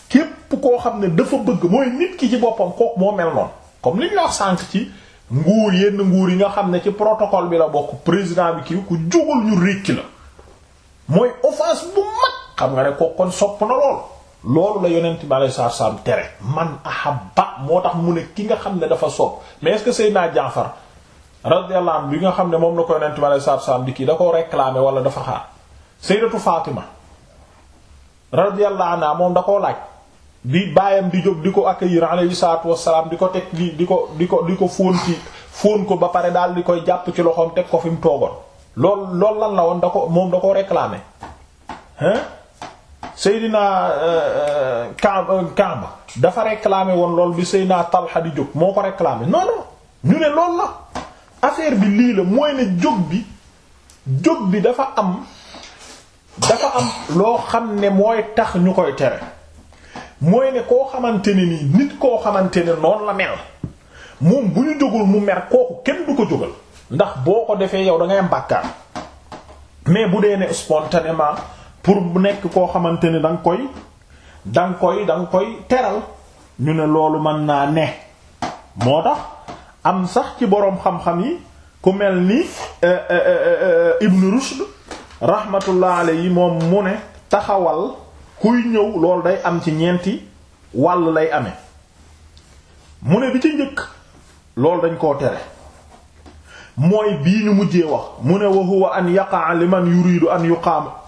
A: képp koo xam ne dafa bëgg mooy nit ki ci boppam kook moo mel noonu comme li ñu la wax sànq ci nguur yenn nguur yi nga xam ne ci protocole bi la bokk président bi kii ku jugul ñu récc la mooy offense bu mag xam nga ne ko kon sopp na lool loolu la yonent bi alayhi salaatu salaam tere man ahabba moo tax mu ne ki nga xam ne dafa sopp mais est-ce naa Seydina Jaafar radiyallahu anhu bi nga xam ne moom la ko yonent bi alayhi salaatu salaam di da ko réclamer wala dafa xaar Sayyidatu Fatima radiyallahu anha moom da ko laaj bi baayam di jóg di ko accueillir alayhi salaatu wassalaam di ko teg di di ko di ko di ko fóon ci fóon ko ba pare daal di koy jàpp ci loxoom teg ko fi mu toogoon lool loolu lan la woon da ko moom da koo réclamer hein Seydina euh, euh, Kaab euh, Kaab dafa réclamer woon lool bi Seydina Talha di jóg moo ko réclamer non ñu ne loolu la affaire bi lii la mooy ne jóg bi jóg bi dafa am dafa am loo xam ne mooy tax ñu koy tere mooy ne koo xamante ne nii nit koo xamante ne noonu la mel moom bu ñu jógul mu mer kooku kenn du ko jógal ndax boo ko defee yow da ngay mbàkkaar mais bu dee ne spontanément pour bu nekk koo xamante ni danga koy danga koy danga koy teral ñu ne loolu mën naa ne moo tax am sax ci boroom xam-xam yi ku mel ni eh, eh, eh, Ibn Rushd rahmatullah yi moom mu ne taxawal kuy ñëw lool day am ci ñeenti wàll lay ame mu ne bi ci njëkk loolu dañ koo tere mooy bii ñu mujjee wax mu ne wa huwa an yaqa'a liman yuridu an yuqaama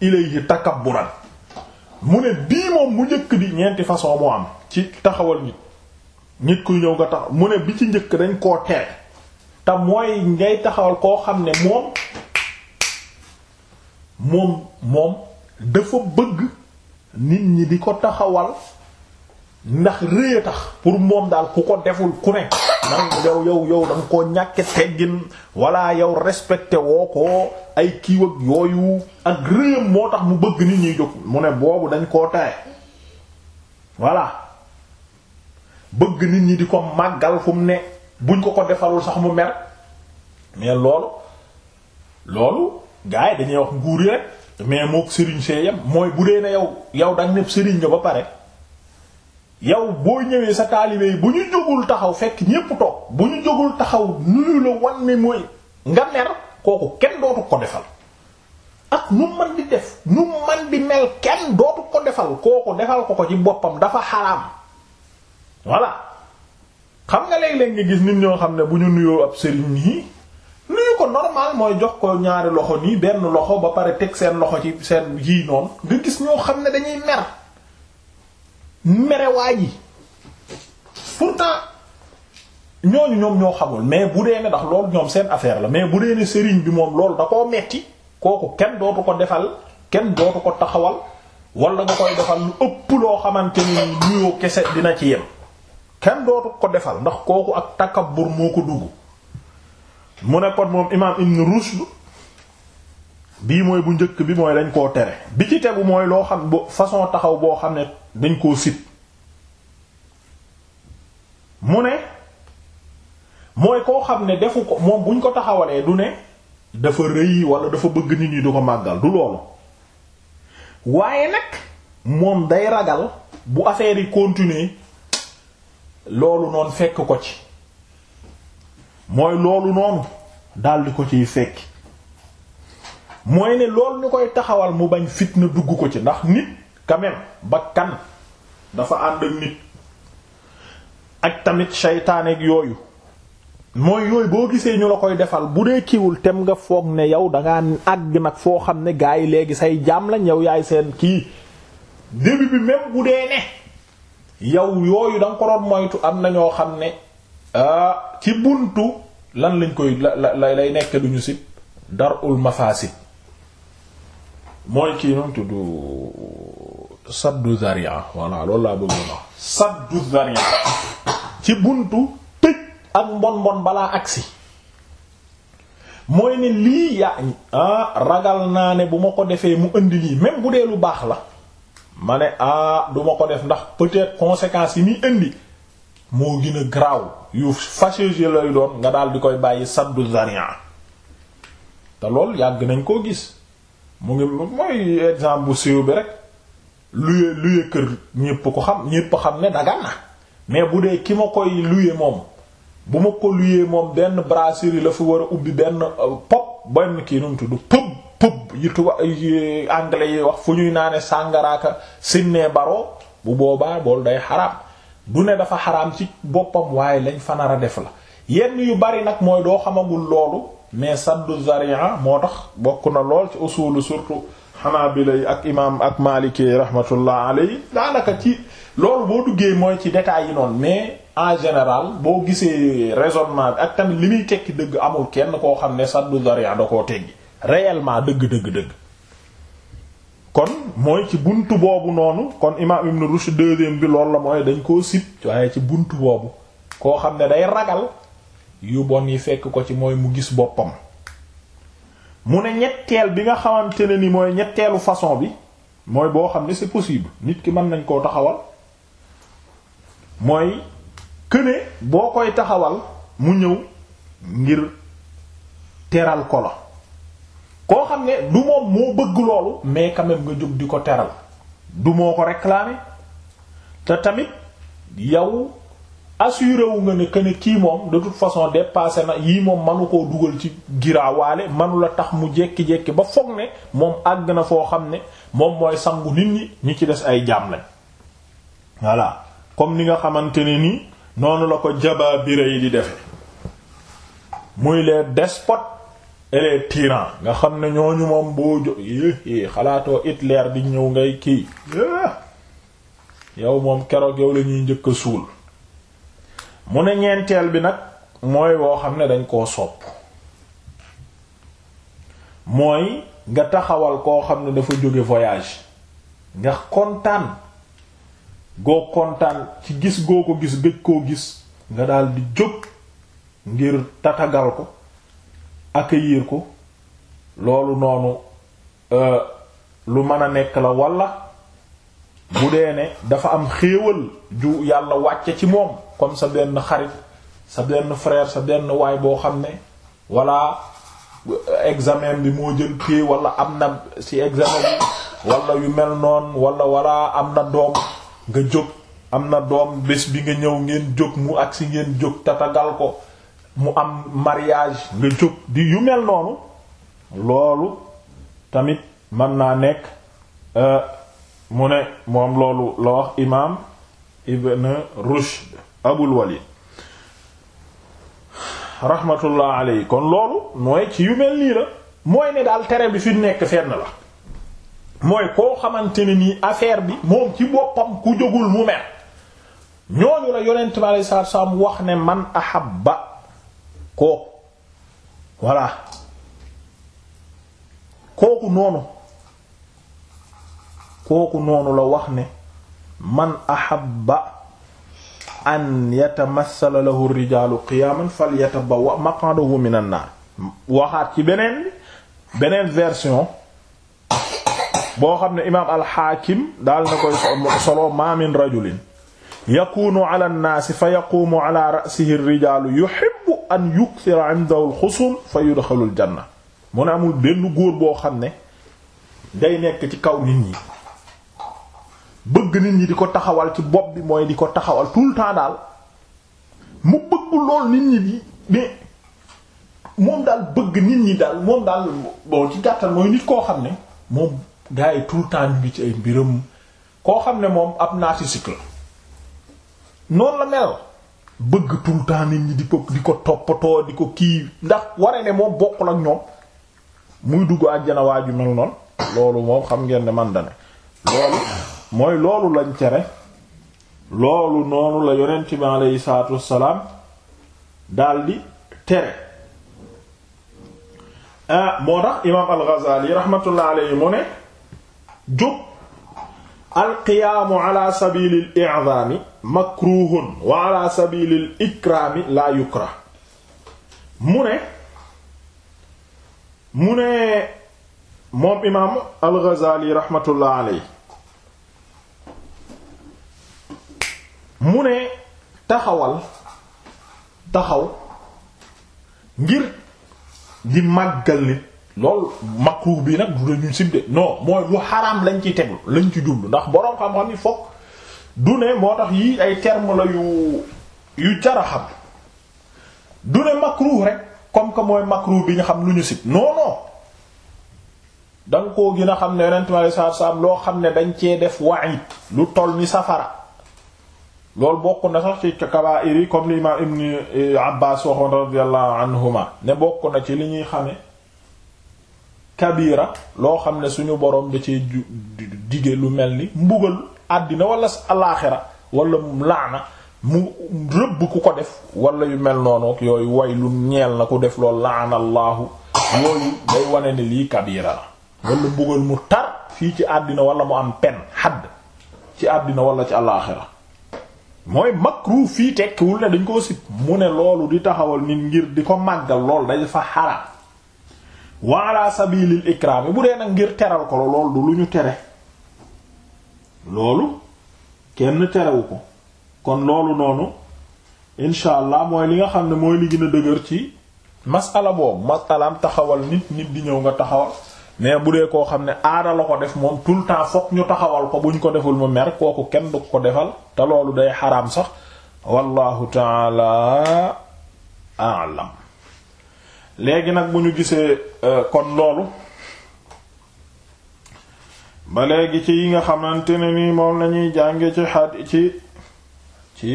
A: ilayhi takabburan mu ne bii moom mu njëkk bi ñeenti façon moo am ci taxawal nit nit kuy ñëw nga tax mu ne bi ci njëkk dañ koo tere te ngay taxawal koo xam ne moom moom dafa bëgg nit ñi di ko taxawal ndax rëy a tax pour moom daal ku ko deful ku ne nag yow yow yow da nga koo ñàkke teggin walla yow respecté woo ko ay kiiw ak yooyu ak réem moo tax mu bëgg nit ñi jóg mu ne boobu dañ koo tere voilà bëgg nit ñi di ko màggal fu mu ne buñ ko ko defarul sax mu mer mais loolu loolu gars yi dañuy wax nguur yi rek mais mook sëriñ see yem mooy bu dee ne yow yow dañ nepp sëriñ nga ba pare yow boo ñëwee sa taalibe bu ñu jógul taxaw fekk ñépp toog bu ñu jógul taxaw nuyu la wan ne mooy nga mer kooku kenn dootu ko defal ak nu man di def nu man di mel kenn dootu ko defal kooku defal ko ko ci boppam dafa xaraam voilà xam nga léeg-léeg nga gis nit ñoo xam ne bu ñu nuyoo ab sëriñ nii nuyu ko normal mooy jox ko ñaari loxo nii benn loxo ba pare teg seen loxo ci seen yii noonu nga gis ñoo xam ne dañuy mer merewaa ji pourtant ñooñu ñoom ñoo xamul mais bu dee ne ndax loolu ñoom seen affaire la mais bu dee ne sëriñ bi moom loolu da koo metti kooku kenn dootu ko defal kenn dootu ko taxawal wala nga koy defal lu ëpp loo xamante ni nuyoo kese dina ci yem kenn dootu ko defal ndax kooku ak takabbur moo ko dugg mu ne kon moom imaam Ibn Rushd bii mooy bu njëkk bi mooy dañ koo tere bi ci tegu mooy loo xam façon taxaw boo xam ne dañ koo sit mu ne mooy koo xam ne defu ko moom buñ ko taxawalee du ne dafa rëy wala dafa bëgg nit ñi du ko màggal du loolu waaye nag moom day ragal bu affaire yi continuer loolu noonu fekk ko ci mooy loolu noonu daldi ko ciy fekk mooy ne loolu ñu koy taxawal mu bañ fitna dugg ko ci ndax nit quand même bakkan dafa ànd ak nit ak tamit seytaaneeg yooyu mooy yooyu boo gisee ñu la koy defal bu dee kiiwul tem nga foog ne yow dangaa àgg nag foo xam ne gars yi léegi say jaam lañ yow yaay seen kii début bi même bu dee ne yow yooyu da ko doon moytu am na ñoo xam ne ah, ci buntu lan lañ koy la la lay nekk du ñu si dar ul mafasid mooy kii noonu tudd saddu zaria voilà loolu laa bëgg wax saddu zaria ci buntu tëj ak mbon mbon balaa agsi mooy ne lii yaa ah, ragal naa ne bu ma ko defee mu indi lii même bu dee lu baax la ma ne ah du ma ko def ndax peut-être conséquences yi muy indi moo gën a garaaw yu fâcheuse lay doon nga daal di koy bàyyi saddu zaria te lool yàgg nañ koo gis mu ngi mooy exemple bu siiw bi rek luye luye kër ñépp ko xam ñépp xam ne dagan na mais bu dee ki ma koy luye moom bu ma ko luye moom benn yi la fi war a ubbi benn euh, pop benn kii nu mu tudd pub pub yi tuba anglais yi wax fu ñuy naa ne sàngaraaka sinnee baroo bu boobaa bool day xaraam du ne dafa xaraam ci boppam waaye lañ fa a def la yenn yu bari nag mooy doo xamagul loolu mais saddu zaria moo tax bokk na lool ci usulu surtout Hanabila yi ak imaam ak Maliki rahmatullah alayhi daanaka ci lool boo duggee mooy ci détails yi noonu mais en général boo gisee raisonnement bi ak tamit li muy tekki dëgg amul kenn koo xam ne saddu dariya da koo teggi réellement dëgg dëgg dëgg. kon mooy ci bunt boobu noonu kon imaam Ibn Rushd deuxième bi loolu la mooy dañ koo sib waaye ci bunt boobu koo xam ne day ragal yu bon yi fekk ko ci mooy mu gis boppam. mu ne ñetteel bi nga xamante ne ni mooy ñetteelu façon bi mooy boo xam ne c'est possible nit ki mën nañ koo taxawal mooy këne boo koy taxawal mu ñëw ngir teral ko la koo xam ne du moom moo bëgg loolu mais quand nga jóg di ko teral du moo ko réclamer te tamit yow assuré wu nga ne que ne kii moom de toute façon dépassé na yii moom manu koo dugal ci giraawaale manu la tax mu jékki-jékki ba foog ne moom àgg na foo xam ne moom mooy sangu nit ñi ñu ci des ay jaam lañ voilà comme ni nga xamante ni nii noonu la ko jabaabira yi di defe muy les despot et nga xam ne ñooñu moom boo jo é xalaatoo Hitler di ñëw ngay kii yow moom keroog yow la ñuy njëkk suul mu ne ñeenteel bi nag mooy woo xam ne dañ koo sopp mooy nga taxawal koo xam ne dafa jóge voyage ndax kontaan goo kontaan ci gis goo ko gis gëj koo gis nga daal di jóg ngir tatagal ko accueillir ko loolu noonu euh, lu mën a nekk la walla bu dee ne dafa am xéewal ju yàlla wàcce ci moom comme sa benn xarit sa benn frère sa benn waay boo xam ne walla examen bi moo jël pied walla am na ci examen bi walla yu mel noonu walla walla am na doom nga jóg am na doom bés bi nga ñëw ngeen jóg mu agsi ngeen jóg tatagal ko mu am mariyage nga jóg di yu mel noonu loolu tamit mën naa nekk euh, mu ne moom loolu la wax imaam Ibn Rushd abul walid rahmatullah aley kon loolu mooy ci yu mel nii la mooy ne daal tere bi fi nekk fenn la mooy koo xamante ne nii affaire bi moom ci boppam ku jógul mu mer ñooñu la yonent bi alei salatu salaam wax ne man ahabba kooku voilà kooku noonu kooku noonu la wax ne man ahabba an yatamassala lahu rijaalu qiyaaman falyatabawwa maq'adahu minan naar waxaat ci beneen beneen version boo xam ne imaam alxaakim daal na koy solo ma min rajulin yakunu ala nnaasi fa yaquumu ala ra'sihi rijaalu yuhibbu an yukthira indahu alxusum fa yudxalu aljanna mu ne amul benn góor boo xam ne day nekk ci kaw nit ñi bëgg nit ñi di ko taxawal ci bopp bi mooy di ko taxawal tout le temps daal mu bëgg lool nit ñi di moom daal bëgg nit ñi daal moom daal bon ci gàttal koo xam ne moom gars yi tout le temps ñu ci ay mbiram koo xam ne moom ab narcissique la noonu la bëgg tout le temps nit ñi di ko di ko toppatoo di ko kii ndax waree ne moom bokkul ak ñoom muy dugg àjjana waaju mel noonu loolu moom xam ngeen ne man da loolu. mooy loolu lañ tere loolu noonu la yonent aleyhi salaatu wassalaam daldi tere ah, moo tax imaam al-Ghazali rahmatullah aleyhi mu ne jub alqiyaamu ala sabili l makruhun wa ala sabili l mu ne mu ne moom imaam al-Ghazali rahmatullah aleyhi mu ne taxawal taxaw ngir di màggal nit lool makruh bi nag du dañu sibde non mooy lu xaraam lañ ci teglu lañ ci jublu ndax boroom xam-xam yi fokk du ne moo tax yii ay terme la yu yu jar a xam du ne makruh rek comme que mooy makruh bi ñu xam lu ñu sib non non danga koo gën a xam ne yonent mi sallallahu alayhi wasallam loo xam ne dañ cee def wa'id lu toll ni safara lool bokk na sax ci kabaa'ir yi comme li imaam ibn Abbaas waxoon radiyallahu anhuma ne bokk na ci li ñuy xame kabira loo xam ne suñu boroom da ci dige lu mel ni mbugal àddina wala alaaxira wala laana mu rëbb ku ko def wala yu mel noonu ak yooyu way lu ñeel na ku def loolu laana allaahu yooyu day wane ne lii kabira la wala mbugal mu tar fii ci àddina wala mu am pen xadd ci àddina walla ci alaaxira mooy makru fii tekkiwul ne dañ koo sib mu ne loolu di taxawal nit ngir di ko màggal lool dañ fa xaraam wa ala sabilil ikraam bu dee nag ngir teral ko loolu du lu ñu tere loolu kenn terewu ko kon loolu noonu incha allah mooy li nga xam ne mooy li gën a dëgër ci masala boobu masalaam taxawal nit nit di ñëw nga taxawal mais bu dee koo xam ne aada ko def moom tout le temps fokk ñu taxawal ko buñ ko deful mu mer kooku kenn du ko defal te loolu day xaram sax wallahu taala alam léegi nag bu ñu gisee euh, kon loolu ba léegi ci yi nga xamante ne ni moom lañuy jànge ci xad ci ci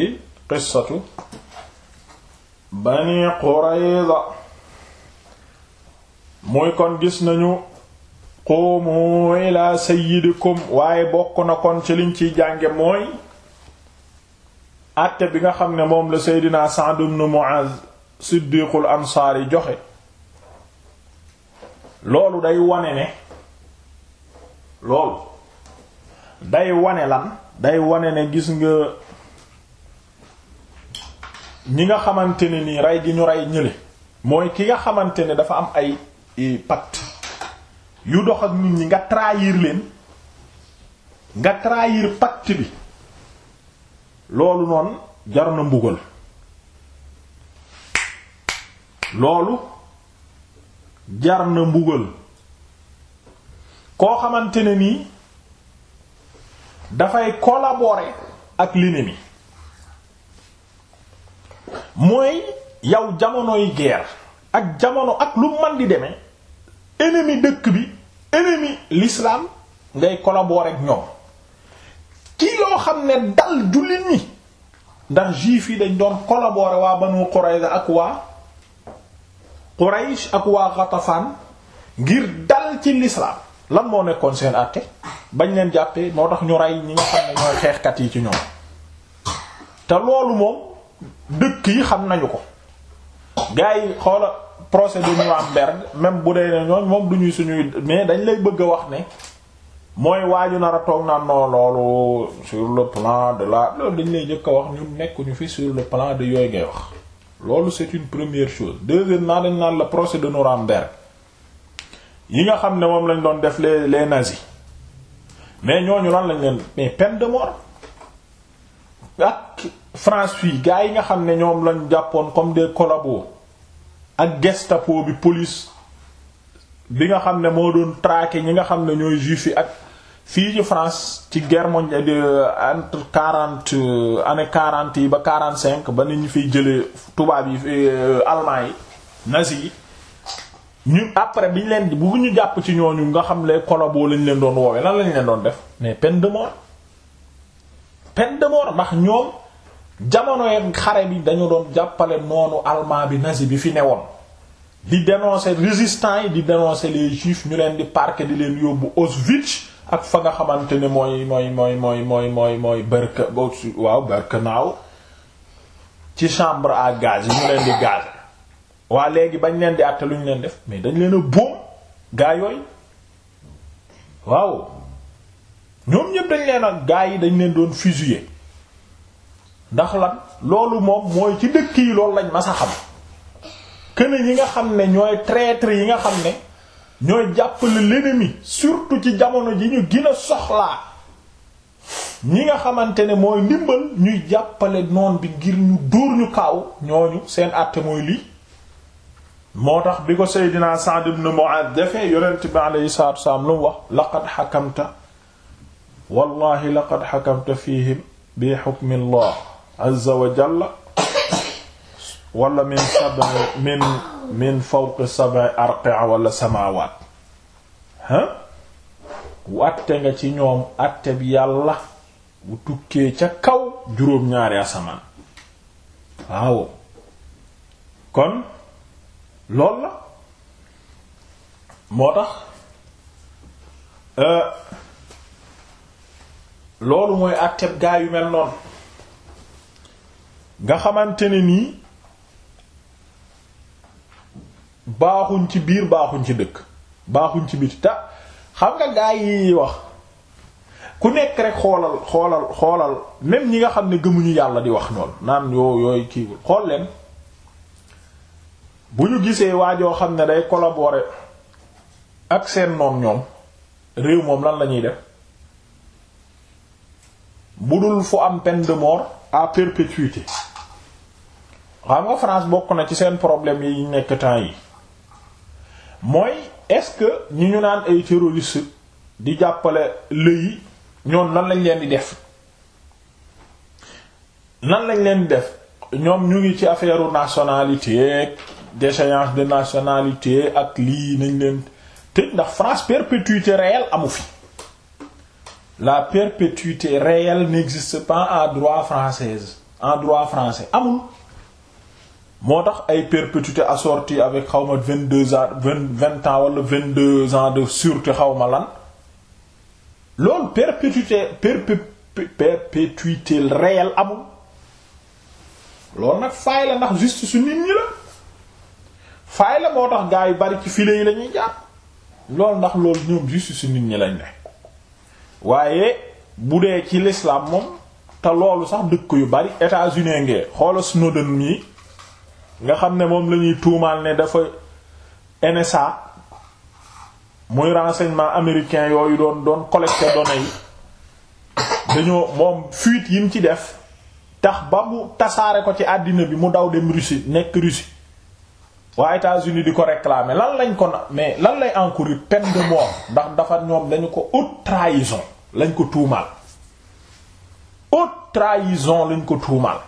A: qissatu bani Qurayza muy kon gis nañu qumu ila sayyidikum waaye bokk na kon ci liñ ciy jànge mooy àtte bi nga xam ne moom la seydina Sa'd ibn Mu'az am ansaari joxe loolu day wane ne loolu day wane lan day wane ne gis nga ñi nga xamante ni nii rey gi ñu rey ñële mooy ki nga xamante ne dafa am ay pacte yu dox ak nit ñi nga trahir leen nga trahir pacte bi loolu noonu jar na mbugal loolu jar na mbugal koo xamante ne nii dafay collaborer ak l'ennemi mooy yow jamonoy guerre ak jamono ak lu man di demee ennemi dëkk bi ennemi l'islam ngay collaborer ak ñoom ci loo xam ne dal jullit ñi ndax juif yi dañ doon collaborer waa Banu Qurayza ak waa Quraysh ak waa Ghatafan ngir dal ci l'islam lan moo nekkoon seen àtte bañ leen jàppee moo tax ñu rey ñi nga xam ne ñooy xeexkat yi ci ñoom te loolu moom dëkk yi xam nañu ko gars yi procès de Nuremberg même bu dee ne ñoom moom du ñuy suñuy mais dañ lay bëgg a wax ne mooy waaju nar a toog naan non loolu sur le plan de la loolu dañ lay njëkk a wax ñun nekkuñu fi sur le plan de yooyu ngay wax loolu c'est une première chose deuxièmement dañ naan la procès de Nuremberg yi nga xam ne moom lañ doon def les les nazis mais ñooñu lan lañ leen mais peine de mort ak France fii gars yi nga xam ne ñoom lañu jàppoon comme des collabo ak gestapo bi police bi nga xam ne moo doon traquer ñi nga xam ne ñooy juif yi ak fii ci France ci guerre mondiale euh, entre quarante euh, année quarante yi ba quarante cinq ba ni ñu fi jëlee tubaab yi euh, allemand yi nazi yi ñu après bi ñu leen bu ñu jàpp ci ñooñu nga xam ne collabo lañ leen doon woowee lan lañ leen doon def mais peine de mort peine de mort ndax ñoom. jamono jamonoy xare bi dañu doon jàppale noonu allemand bi nazi bi fi newoon di dénoncer résistants yi di dénoncer les juifs ñu leen di parquer di leen yóbbu Auschwitz ak fa nga xamante ne mooy mooy mooy mooy mooy mooy mooy Berk ci chambre à gaz yi ñu leen di gaz waa léegi bañ leen di àtte lu ñu leen def mais dañu leen a boom gaa yooyu waaw ñoom ñëpp dañ leen ak gaa yi dañu leen doon fusiller ndax lan loolu moom mooy ci dëkk yi loolu lañ ma sa xam këne yi nga xam ne ñooy traître yi nga xam ne ñooy jàppale l'ennemi surtout ci jamono ji ñu gën a soxlaa ñi nga xamante ne mooy ndimbal ñuy jàppale noon bi ngir ñu dóor ñu kaaw ñooñu seen àtte mooy lii moo tax bi ko Seydina Sa'd ibn Mu'adh defee yonent bi alayhi salaatu wasalaam lu mu wax laqad xakamta wallahi laqad xakamta fihim bi hukmillah azza wa jalla wala min sab'i min min fawqi wala samaawaat ha wu atte nga ci ñoom atte bi yàlla bu tukkee ca kaw juróom-ñaari asamaan waaw kon lool la moo tax euh, loolu mooy àtteeb gaa yu mel noonu nga xamante ne nii baaxuñ ci biir baaxuñ ci dëkk baaxuñ ci biti ta xam nga gaa yi wax ku nekk rek xoolal xoolal xoolal même ñi nga xam ne gëmuñu yàlla di wax noonu naan yoo yooyu kiiwul xool leen bu ñu gisee waa joo xam ne day collaborer ak seen noon ñoom réew moom lan la ñuy def budul fu am peine de à perpétuité xam nga France bokk na ci seen problème yi nekk temps yi mooy est-ce que ñi ñu naan ay terroriste di jàppale lëyi ñoom nan lañ leen di def nan lañ leen di def ñoom ñu ngi ci affaire nationalité déchéance de nationalité ak lii nañ leen tëj ndax France perpétuité réel amu fi la perpétuité réelle n'existe pas en droit français en droit français amul moo tax ay perpétuité assortie avec xawma vingt deux ans vingt vingt ans wala vingt deux ans de sûreté xawma lan loolu perpétuité perpétuité réelle amul loolu nag faay la ndax juste su nit ñi la faay la moo tax gaa yu bari ci file yi la ñuy jàpp loolu ndax loolu ñoom juste su nit ñi lañ ne waaye bu dee ci l'islam moom te loolu sax dëkk yu bari États-Unis ngee xoola Snowden mi nga xam ne moom lañuy ñuy tuumaal ne dafa NSA muy renseignement américain yooyu doon doon collecter données yi dañoo moom fiite yim ci def tax ba mu tasaare ko ci àddina bi mu daw dem Russie nekk Russie waa États-Unis di ko réclamer lan lañ ko mais lan lay encourir pen de mort ndax dafa ñoom dañu ko haute trahison lañ ko tuumaal haute trahison lañ ko tuumaal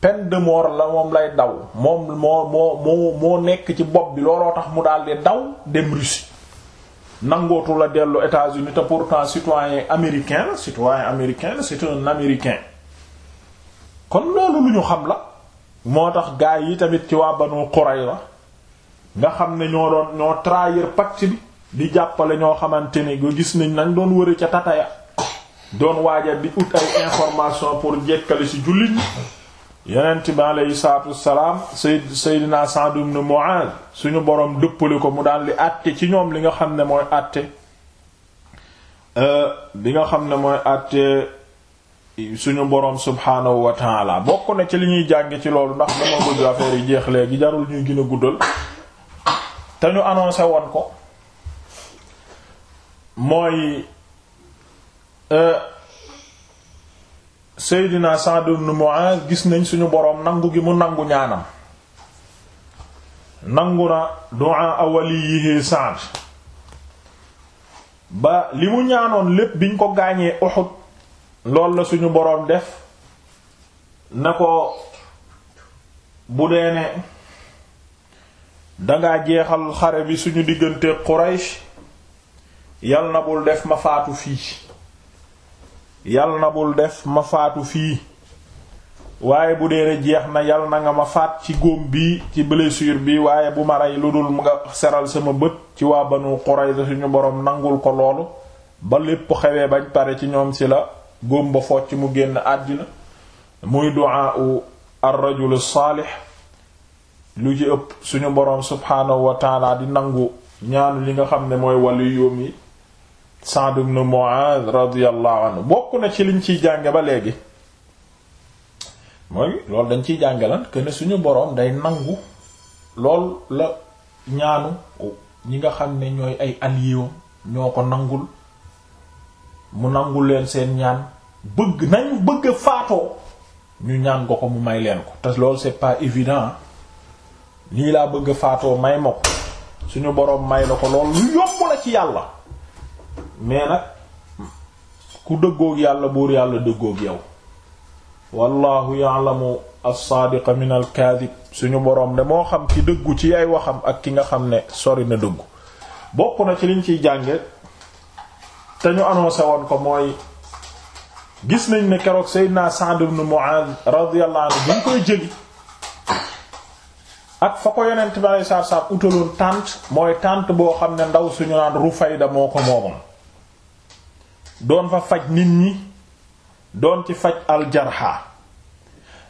A: peine de mort la moom lay daw moom moo moo moo moo nekk ci bopp bi looloo tax mu daal di daw dem Russie nangootu la dellu États-Unis te pourtant citoyen américain la citoyen américain la c'est un américain kon loolu lu ñu xam la. moo tax gaa yi tamit ci waa Banu Qurayza nga xam ne ñoo doon ñoo trahir pacte bi di jàppale ñoo xamante ni nga gis nañ nañ doon wëri ca tataya doon waaja di ut ay information pour jekkale si jullit ñi yonent bi aleyhi salaatu wassalaam sayd saydina Sa'd ibn Mu'adh suñu boroom dëppale ko mu daal di àtte ci ñoom li nga xam ne mooy àtte euh, bi nga xam ne mooy àtte suñu boroom subhaanahu wa taala bokk na ci li ñuy jànge ci loolu ndax dama bëgg affaire yi jeex léegi jarul ñuy gën a guddal te ñu annoncé woon ko mooy euh, Seydina Sa'd ibn Mu'az gis nañ suñu boroom nangu gi mu nangu ñaanam nangu na du'a awliyihi Sa'd ba li mu ñaanoon lépp biñ ko gaañee Uhud loolu la suñu boroom def na ko bu dee ne dangaa jeexal xare bi suñu diggante Quraysh yal na bul def ma faatu fii yal na bul def ma faatu fii waaye bu dee ne jeex na yal na nga ma faat ci góom bi ci blessure bi waaye bu ma rey lu dul nga seral sama bët ci waa banu Quraysh suñu boroom nangul ko loolu ba lépp xewee bañ pare ci ñoom si la góom ba focc mu génn àddina muy du'a u ar-rajul saalix lu ci ëpp suñu boroom subhaanahu wa di nangu ñaanu li nga xam ne mooy wàllu yoom yi Sa'd ibn Mu'adh radiyallahu anhu bokk na ci liñ ciy jànge ba léegi mooy loolu dañ ciy jànge lan ne suñu boroom day nangu lool la ñaanu ñi nga xam ne ñooy ay alliés ñoo ko nangul mu nangu leen seen ñaan bëgg nañ bëgg faatoo ñu ñaan ko ko mu may leen ko te lool c'est pas évident nii ah. laa bëgg faatoo may ma ko suñu boroom may la ko lool lu yomb la ci yàlla mais nag ku dëggoog yàlla buur yàlla dëggoog yow wallahu ya'lamu as-saadiqa min al-kaadib suñu boroom de moo xam ci dëggu ci ay waxam ak ki nga xam ne sori na dëggu bokk na ci liñ ciy jànge te ñu annoncé woon ko mooy gis nañ ne keroog Seydina Sa'd ibn Mu'adh radiyallahu anhu bu ñu koy jëli ak fa ko yonent bi alei satu utaloon tànt mooy tànt boo xam ne ndaw suñu naan Rufayda moo ko moomoon doon fa faj nit ñi doon ci faj aljarha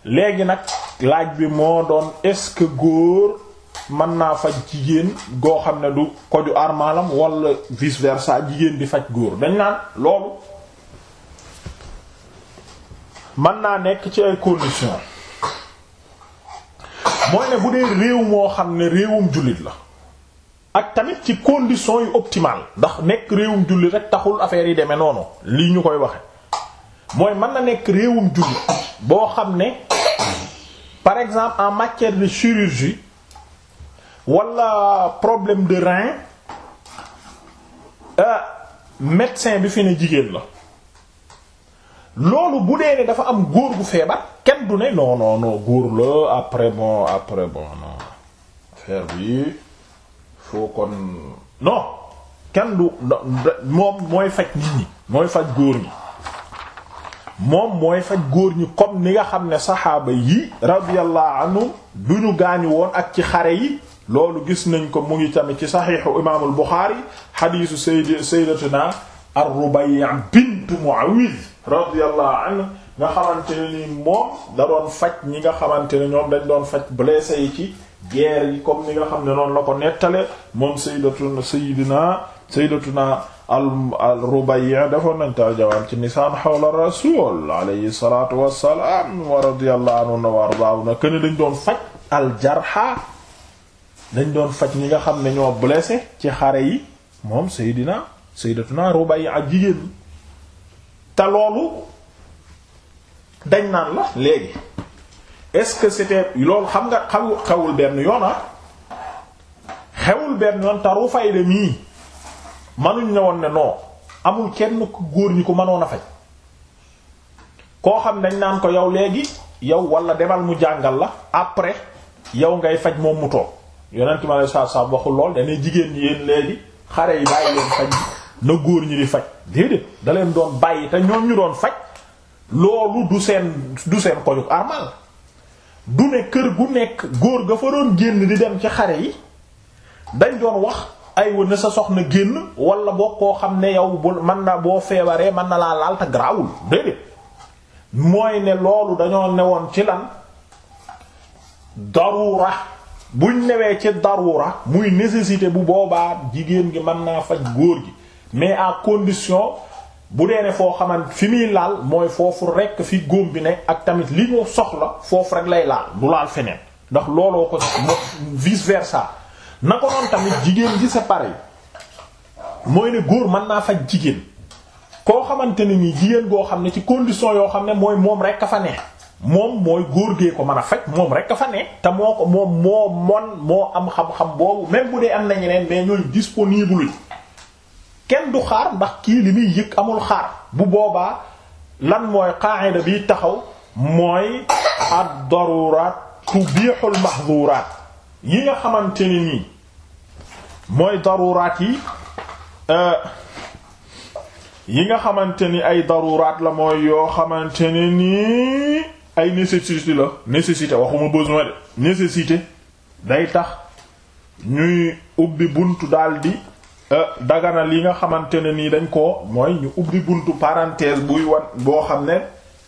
A: léegi nag laaj bi moo doon est-ce góor mën naa faj jigéen goo xam ne du koju armalam walla vice versa jigéen di faj góor dañ naan loolu mën naa nekk ci ay conditions mooy ne bu dee réew moo xam ne réewum jullit la ak tamit ci conditions yu optimales ndax nekk réewum jullit rek taxul affaire yi demee noonu lii ñu koy waxe mooy mën na nekk réewum jullit boo xam ne par exemple en matière de chirurgie wala problème de rein euh, médecin bi fi ne jigéen la loolu bu dee ne dafa am góor gu feebar kenn du ne non non góor la après bon après bon non affaire bi foo kon non kenn du moom mooy faj nit ñi mooy faj góor ñi moom mooy faj góor ñi comme ni nga xam ne saxaaba yi radiyallahu anhu du ñu gaañu woon ak ci xare yi loolu gis nañ ko mu ngi tamit ci saxiixu imaamul Buxaari xadiisu sayd sayyidatuna ar-Rubayyi bintu Muawiz radiyallahu anha nga xamante ne ni moom da doon faj ñi nga xamante ne ñoom dañ doon faj blessé yi ci yi comme ni nga xam ne noonu la ko nettale moom sayyidatuna sayyidina sayyidatuna al-Rubayyi defoon nañ tarjamaam ci nisaan xawla rasul alayhi salatu wassalam wa radiyallahu anhu wa ardaahu na ken dañ doon faj al-jarha dañ doon faj ñi nga xam ne ñoo blessé ci xare yi moom Seydina Seydatuna Rubayyi ak jigéen ñi te loolu dañ naan la léegi est-ce que c'était loolu xam nga xam xewul benn yoon ah xewul benn yoon te Rufayda mii manuñ ne woon ne non amul kenn góor ñi ko mënoon a faj koo xam dañ naan ko yow léegi yow wala demal mu jàngal la après yow ngay faj moom mu toog yonent ma ne saab waxul lool dana jigéen ñi léegi xare yi bàyyi leen faj na góor ñi di faj déedéet da doon bàyyi te ñoom ñu doon faj loolu du seen du seen kojuk armal du ne kër gu nekk góor ga fa doon génn di dem ci xare yi dañ doon wax aywa na sa soxna génn walla boo koo xam ne yow bu mën na boo feebaree mën na laa laal te garaawul déedéet mooy ne loolu dañoo newoon ci lan darura buñ newee ci darura muy nécessité bu boobaa jigéen gi mën naa faj góor gi mais à condition bu dee ne foo xamante fi muy laal mooy foofu rekk fi góom bi ne ak tamit li mu soxla foofu rekk lay laal du laal feneen ndax looloo ko vice versa na ko noon tamit jigéen gi c'est pareil mooy ne góor mën naa faj jigéen koo xamante ni nii jigéen goo xam ne ci condition yoo xam ne mooy moom rekk a fa ne moom mooy góor gee ko mën a faj moom rek a fa ne te moo ko moom moo mon moo am xam-xam boobu même bu dee am na ñeneen mais ñooy disponible kenn du xaar ndax kii li muy yëg amul xaar bu boobaa lan mooy qaa'ida bi taxaw mooy ad-daruraat tubiihul mahduraat yi nga xamante ni nii mooy daruraat yi euh, yi nga xamante ni ay daruraat la mooy yoo xamante ni nii ay nécessité la nécessité waxuma besoin de nécessité day tax ñuy ubbi buntu daldi euh, dagana li nga xamante ne nii dañ ko mooy ñu ubbi buntu parenthèse buy wan boo xam ne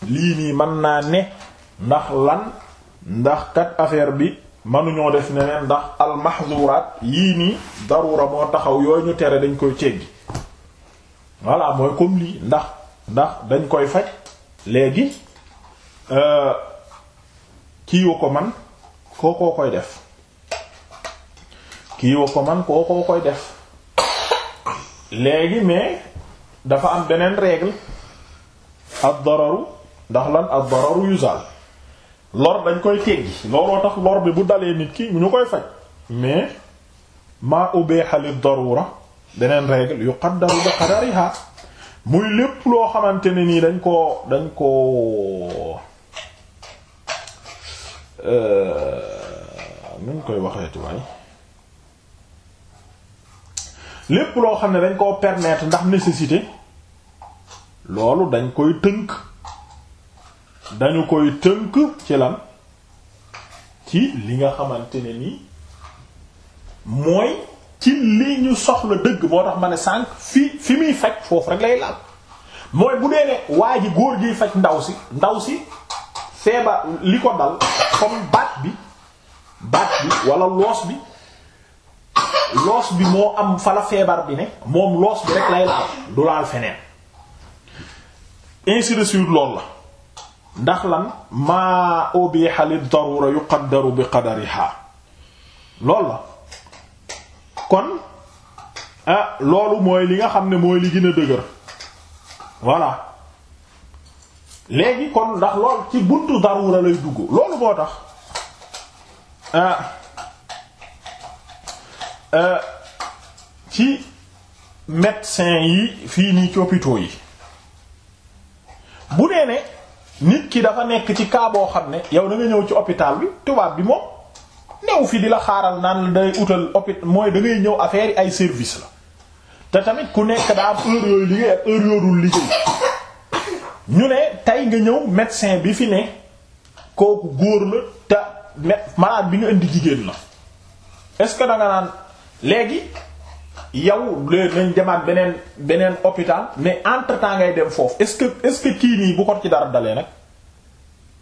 A: lii nii mën naa ne ndax lan ndax kat affaire bi mënuñoo def neneen ndax almahzurat yii nii darura moo taxaw yooyu ñu tere dañ koy céggi voilà mooy comme lii ndax ndax dañ koy faj léegi Euh, kiiwa ko man kookoo koy def kiiwa ko man kookoo koy def léegi mais dafa am beneen régle ad dararu ndax lan ad dararu yuzal lor dañ koy teggi looloo tax lor bi bu dalee nit ki ñu koy faj mais maa ubeeha lid darura beneen règle yuqaddaru bi qadariha muy lépp loo xamante ne nii dañ koo dañ koo Euh, nuñ koy waxeeti waay lépp loo xam ne dañ koo permettre ndax nécessité loolu dañ koy tënk dañu koy tënk ci lan ci li nga xamante ne nii mooy ci li ñu soxla dëgg moo tax ma ne fi fi muy faj foofu rek lay laal mooy bu dee ne waa ji góor giy faj ndaw si ndaw si feebar li ko dal comme baat bi baat bi wala loos bi loos bi moo am fa la feebar bi ne moom loos bi rek lay laal du laal feneen ainsi de la ndax lan maa ubiha lid darura yuqaddaru bi qadariha loolu la kon ah loolu mooy li nga xam ne mooy li gën a dëgër voilà léegi kon ndax lool ci buntu la lay dugg loolu boo tax euh, euh, ci médecin yi fii nii ci hôpitaux yi bu nee ne nit ki dafa nekk ci cas boo xam ne yow da nga ñëw ci hôpital bi tubaab bi moom new fi di la xaaral naan day utal hôpital mooy da ngay ñëw affaire ay service la te tamit ku nekk daa am heure yooyu liggéey heure yoo liggéey ñu ne tey nga ñëw médecin bi fi ne kooku góor la te malade bi nga indi jigéen la est-ce que da naan léegi yow léegi nañ demaat beneen beneen hôpital mais entre-temps ngay dem foofu est-ce que est-ce que kii nii bu ko ci dara dalee nag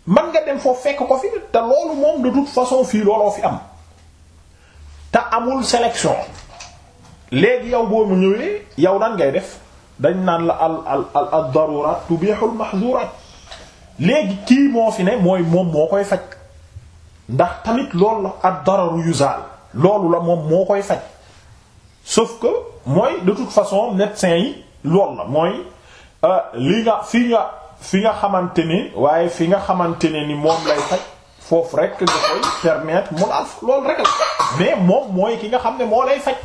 A: man nga dem foofu fekk ko fi te loolu moom de toute façon fii looloo fi am te amul sélection léegi yow boobu mu ñëwee yow nan ngay def. dañ naan la al al al al daruraat tubihul mahzuraat léegi kii moo fi ne mooy moom moo koy faj ndax tamit loolu la ak dararu yuzaal loolu la moom moo koy faj sauf ko mooy de toute façon médecin yi loolu la mooy euh, li nga fi nga fi nga xamante ne waaye fi nga xamante ne ni moom lay faj foofu rek nga koy permettre mu laal loolu rek la mais moom mooy ki nga xam ne moo lay faj.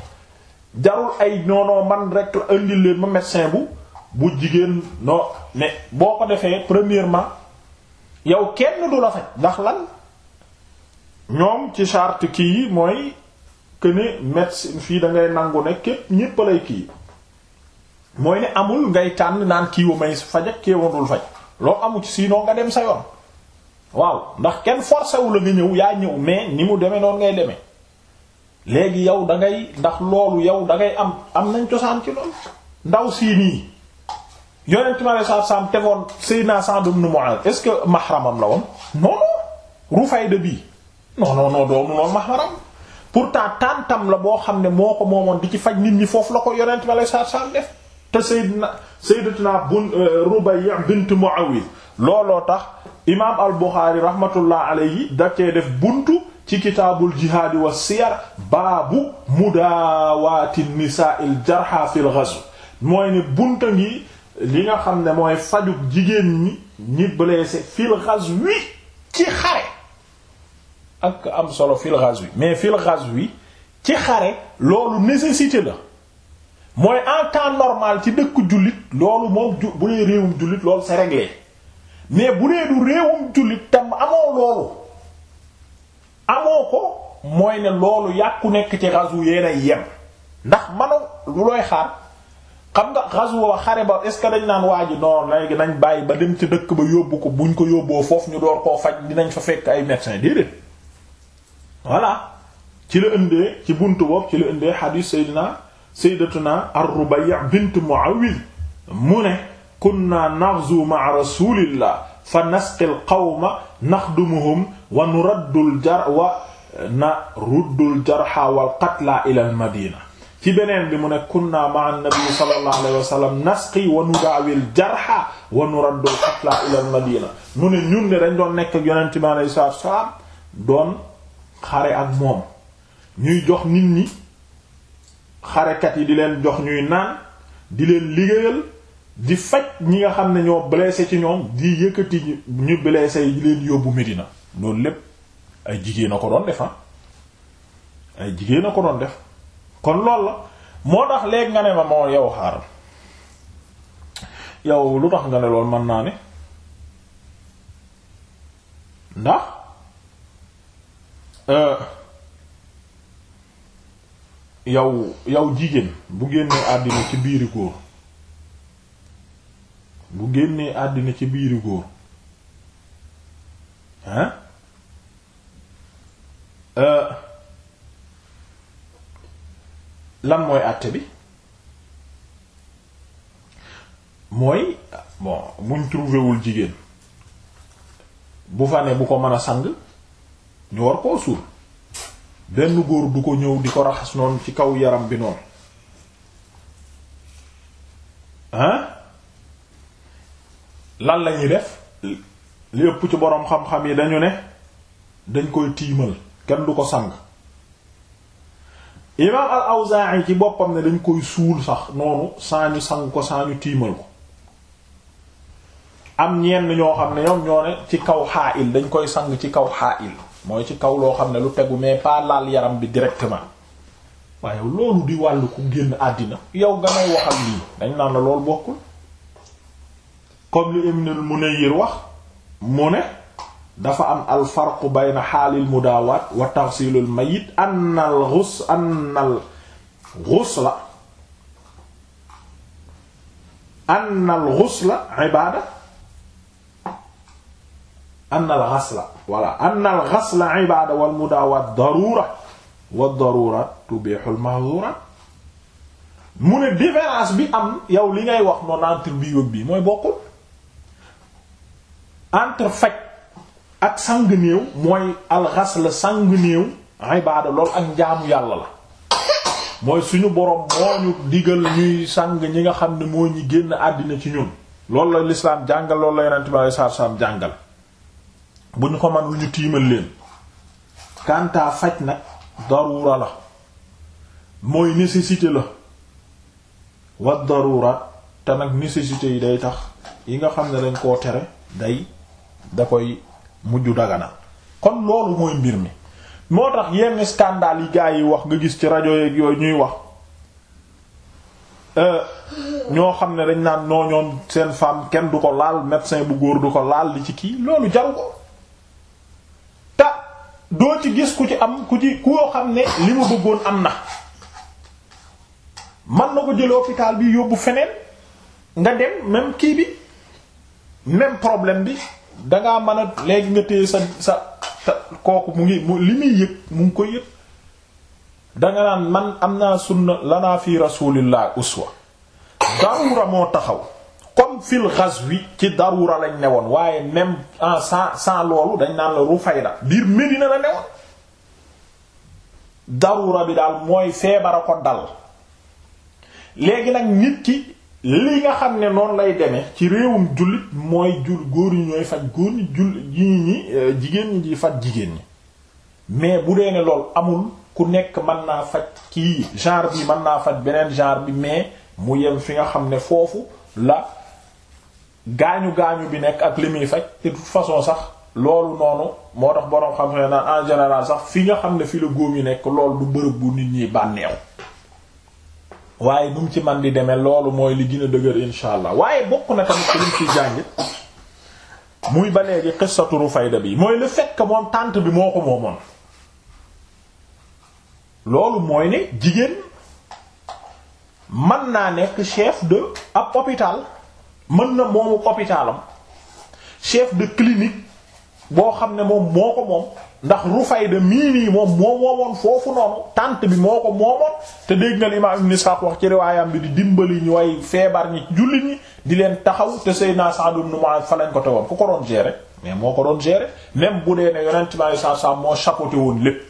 A: jarul ay noonoo man rek la indil leen ma médecin bu bu jigéen non mais boo ko defee premièrement yow kenn du la faj ndax lan ñoom ci charte kii yi mooy que ne médecine fii da ngay nangu ne képp ñépp lay kii mooy ne amul ngay tànn naan kii wu may faj dul faj loo amu ci sinon nga dem sa yoon waaw ndax kenn forcé wu la nga ñëw yaa ñëw mais ni mu demee noonu ngay demee. léegi yow da ngay ndax loolu yow da ngay am am nañ cosaan ci loolu ndaw sii nii yonent mi alayhi salaatu salaam tegoon Seydina Sa'd ibn Mu'adh est-ce que mahramam la woon non non Rufayda bii non non non doomu noonu mahram pourtant tantam la boo xam ne moo ko moomoon di ci faj nit ñi foofu la ko yonent mi alayhi salaatu salaam def te Seydina Sayyidatuna bun euh, Rubayyi bint Mu'awwidh looloo tax imaam al-Bukhari rahmatullah alayhi da cee def buntu. ci kitaabul jihaadi wa siyar baabu mudaawaati nisaa'il jarha fil ghazw mooy ne bunta ngi li nga xam ne mooy fajug jigéen ñi ñi blessé fil ghazwi ci xare ak am solo fil ghazwi mais fil ghazwi ci xare loolu nécessité la mooy en temps normal ci dëkk jullit loolu moom bu dee réewum jullit loolu c'est réglé mais bu dee du réewum jullit tam amoo loolu amoo ko mooy ne loolu yàqu nekk ci razu yéena yem ndax manu lu looy xaar xam nga razu wa xare ba est ce que dañ naan waa ji non léegi nañ bàyyi ba dem ci dëkk ba yóbbu ko buñ ko yóbboo foofu ñu door koo faj dinañ fa fekk ay médecin déedéet voilà ci la indee ci buntu boobu ci la indee hadith sayyidina sayyidatuna ar-Rubayya bint Mu'awwidh mu ne naa naghzu ma'a rasulillah fa nasqil qawma naxdumuhum wa nuraddul jar wa eh, naruddul jarha wal qatla ila al madina beneen bi mu ne kunna ma an-nabi sallallahu alayhi wa sallam nasqi wa nudaawil jarha wa nuraddul qatla ila al mu ne ñun de dañ doon nekk ak yonent bi salaam doon xare ak ñuy jox nit ñi xarekat yi di leen jox ñuy naan di leen liggéeyal di faj ñi nga xam ne ñoo blessé ci ñoom di yëkkati ñu blessé yi leen yóbbu Medina loolu lépp ay jigéen a ko doon def ah. jigéen a ko doon def kon loolu la moo tax léegi nga ne ma moo yow xaaral yow lu tax nga ne loolu mën naa ne ndax euh, yow yow jigéen bu génnee àddina ci biiri góor bu génnee àddina ci biiru góor hein euh, lan mooy àtte bi mooy bon buñ trouvéwul jigéen bu fane bu ko mën a sang ñu war koo suul benn góor du ko ñëw di ko raxas noonu ci kaw yaram bi noonu lan lañuy def lépp ci boroom xam-xam yi dañu ne dañ koy tiimal kenn du ko sang imaam al-Awzaa'i ci boppam ne dañ koy suul sax noonu saa ñu sang ko saa ñu tiimal ko am ñenn ñoo xam ne ñoom ñoo ne ci kaw xaa'il dañ koy sang ci kaw xaa'il mooy ci kaw loo xam ne lu tegu mais pas laal yaram bi directement waaye loolu di wàll ku génn àddina yow nga may waxal lii dañ naan la loolu bokkul comme li Ibnul Munayyir wax mu ne dafa am alfarqu bayna xaalil mudaawaat wa taxsiilul mayit annal ghus annal ghusla annal ghusla ibaada annal ghasla wala annal ghasla ibaada wal mudaawaat daruura wa daruura tubiihul mahzuura mu ne différence bi am yow li ngay wax noonu entre bi ak bii mooy bokkul entre faj ak sang néew mooy alxasl sang néew ibaada lool ak njaamu yàlla la mooy suñu borom moo ñu digal ñuy sang ñi nga xam ne moo ñi génn àddina ci ñun loolu la lislaam jàngal loolu la yonent bi alayhi salaam jàngal bu ñu ko man lu ñu tiimal leen kantaa faj nag daruura la mooy nécessité la wa daruuraat te nag nécessité yi day tax yi nga xam ne dañ koo tere day da koy mujj daganal kon loolu mooy mbir mi moo tax yenn scandale yi gaa yi wax nga gis ci rajo yeeg yooyu ñuy wax euh, ñoo xam ne dañ naan noo ñoom seen femme kenn du ko laal médecin bu góor du ko laal li ci kii loolu jaru ko ta doo ci gis ku ci am ku ci koo xam ne li mu bëggoon am na man na ko jël hôpital bi yóbbu feneen nga dem même kii bi même problème bi danga mën a léegi nga téye sa sa kooku mu ngi li muy yëg mu ngi koy yëg danga naan man am naa sunna lanaa fi rasulillah uswa darura moo taxaw comme fil ghazwi ci darura lañ ne woon waaye même en sans sans loolu dañ naan la Rufayda biir Medina la ne woon darura bi daal mooy feebara ko dal léegi nag nit ki li nga xam ne noonu lay demee ci réewum jullit mooy jul góor ñi ñooy faj góor ñi jul ñi euh, jigéen ñi di faj jigéen ñi mais bu dee ne loolu amul ku nekk mën naa faj kii genre bi mën naa faj beneen genre bi mais mu yem fi nga xam ne foofu la gaañu gaañu bi nekk ak li muy faj de toute façon sax loolu noonu moo tax boroom xam-xam naan en général sax fi nga xam ne fi la góom yi nekk lool du bërëb bu nit ñi bànneew waaye nu mu ci man di demee loolu mooy li gën a dëgër insha allah waaye bokk na tamit ci liñ ci jàng muy ba léegi xisatu Rufayda bi mooy le fekk que moom tante bi moo ko moomoon loolu mooy ne jigéen mën naa nekk chef de ab hôpital mën na moomu hôpitalam chef de clinique boo xam ne moom moo ko moom ndax Rufayda mii nii moom moo moomoon foofu noonu tànt bi moo ko moomoon te dégg nga imaam Ibn Ishaq wax ci riwaayam bi di dimbali ñu way feebar ñi jullit ñi di leen taxaw te Seydina Sa'd ibn Mu'adh fa lañ ko tegoon ku ko doon gérer mais moo ko doon gérer même bu dee ne Yonent bi sallallahu alayhi wasallam moo chapeauté woon lépp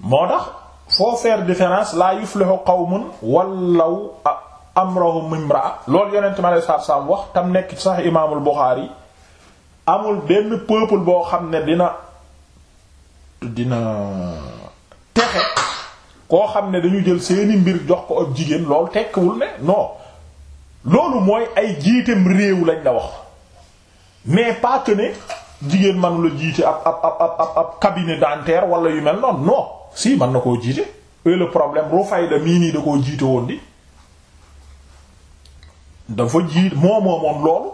A: moo tax faut faire différence la yuflihu qawmun wallaw amrahum imra'a loolu Yonent bi sallallahu alayhi wasallam wax tam nekk ci sax imaamul Bukhari amul benn peuple boo xam ne dina dina texe koo xam ne dañu jël seeni mbir jox ko ab jigéen loolu tekkiwul ne non loolu mooy ay jiiteem réew lañ la wax mais pas ne jigéen man la jiite ab ab ab ab ab cabinet dentaire wala yu mel noonu non si mën na koo jiite. et le problème Rufayda mii nii da koo jiite woon di dafa jiit moo moo moom loolu.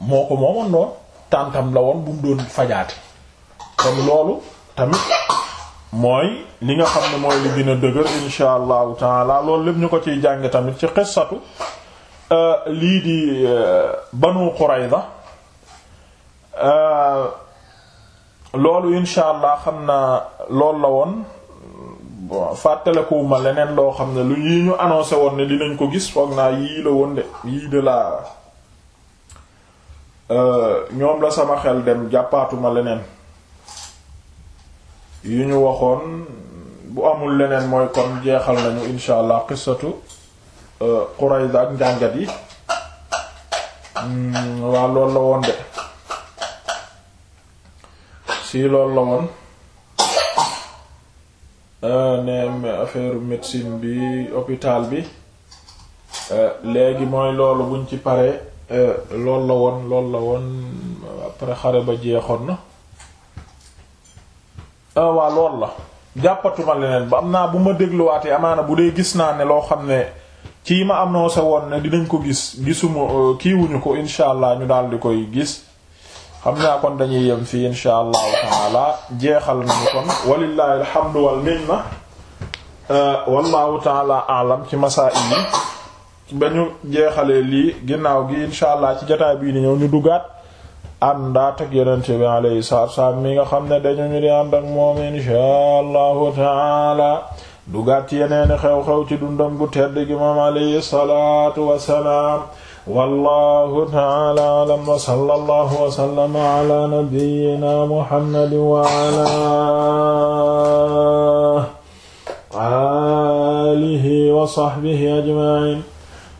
A: moo ko moomoon noonu tàntam la woon bu mu doon fajaate kon loolu tamit mooy li nga xam ne mooy li gën a dëgër insha allahu taala loolu lépp ñu ko ciy jàng tamit ci xissatu euh, lii di euh, banu ba euh, loolu insha allah xam na loolu la woon bon fàttalekuwuma leneen loo xam ne lu yi ñu annoncé woon ne dinañ ko gis foog naa yii la woon de yii de la Euh, ñoom la sama xel dem jàppaatuma leneen yu ñu waxoon bu amul leneen mooy kon jeexal nañu insha allah qissatu euh, Qurayza ak njàngat yi hmm, waa loolu la woon de si loolu la woon euh, neem affaire médecine bi hôpital bi léegi mooy loolu buñ ci pare Euh, loolu la woon loolu la woon après xare ba jeexoon na euh, waa loolu la jàppatuma leneen ba am naa bu ma dégluwaatee amaana bu dee gis naa ne loo xam ne ci ma am noo sa woon ne dinañ ko gis gisuma euh, kiiwuñu ko insha allah ñu daal di koy gis xam naa kon dañuy yem fii insha allahu taala jeexal nañu kon walillahi alhamdu wal minna wallahu taala alam ci masaa yi ba ñu jeexalee lii ginnaaw gi incha allah ci jotaay bii ni ñëw ñu duggaat àndaat ak yonent bi alayhi salaatu wassalaam mi nga xam ne dañu ñu di ànd ak moom incha allahu taala duggaat ci yeneeni xew-xew ci dundam gu tedd gi moom alayhi salaatu wassalaam wallahu taala alam wa sallallahu wa ala nabiyyina muhammad wa ala wa sahbihi ajma'in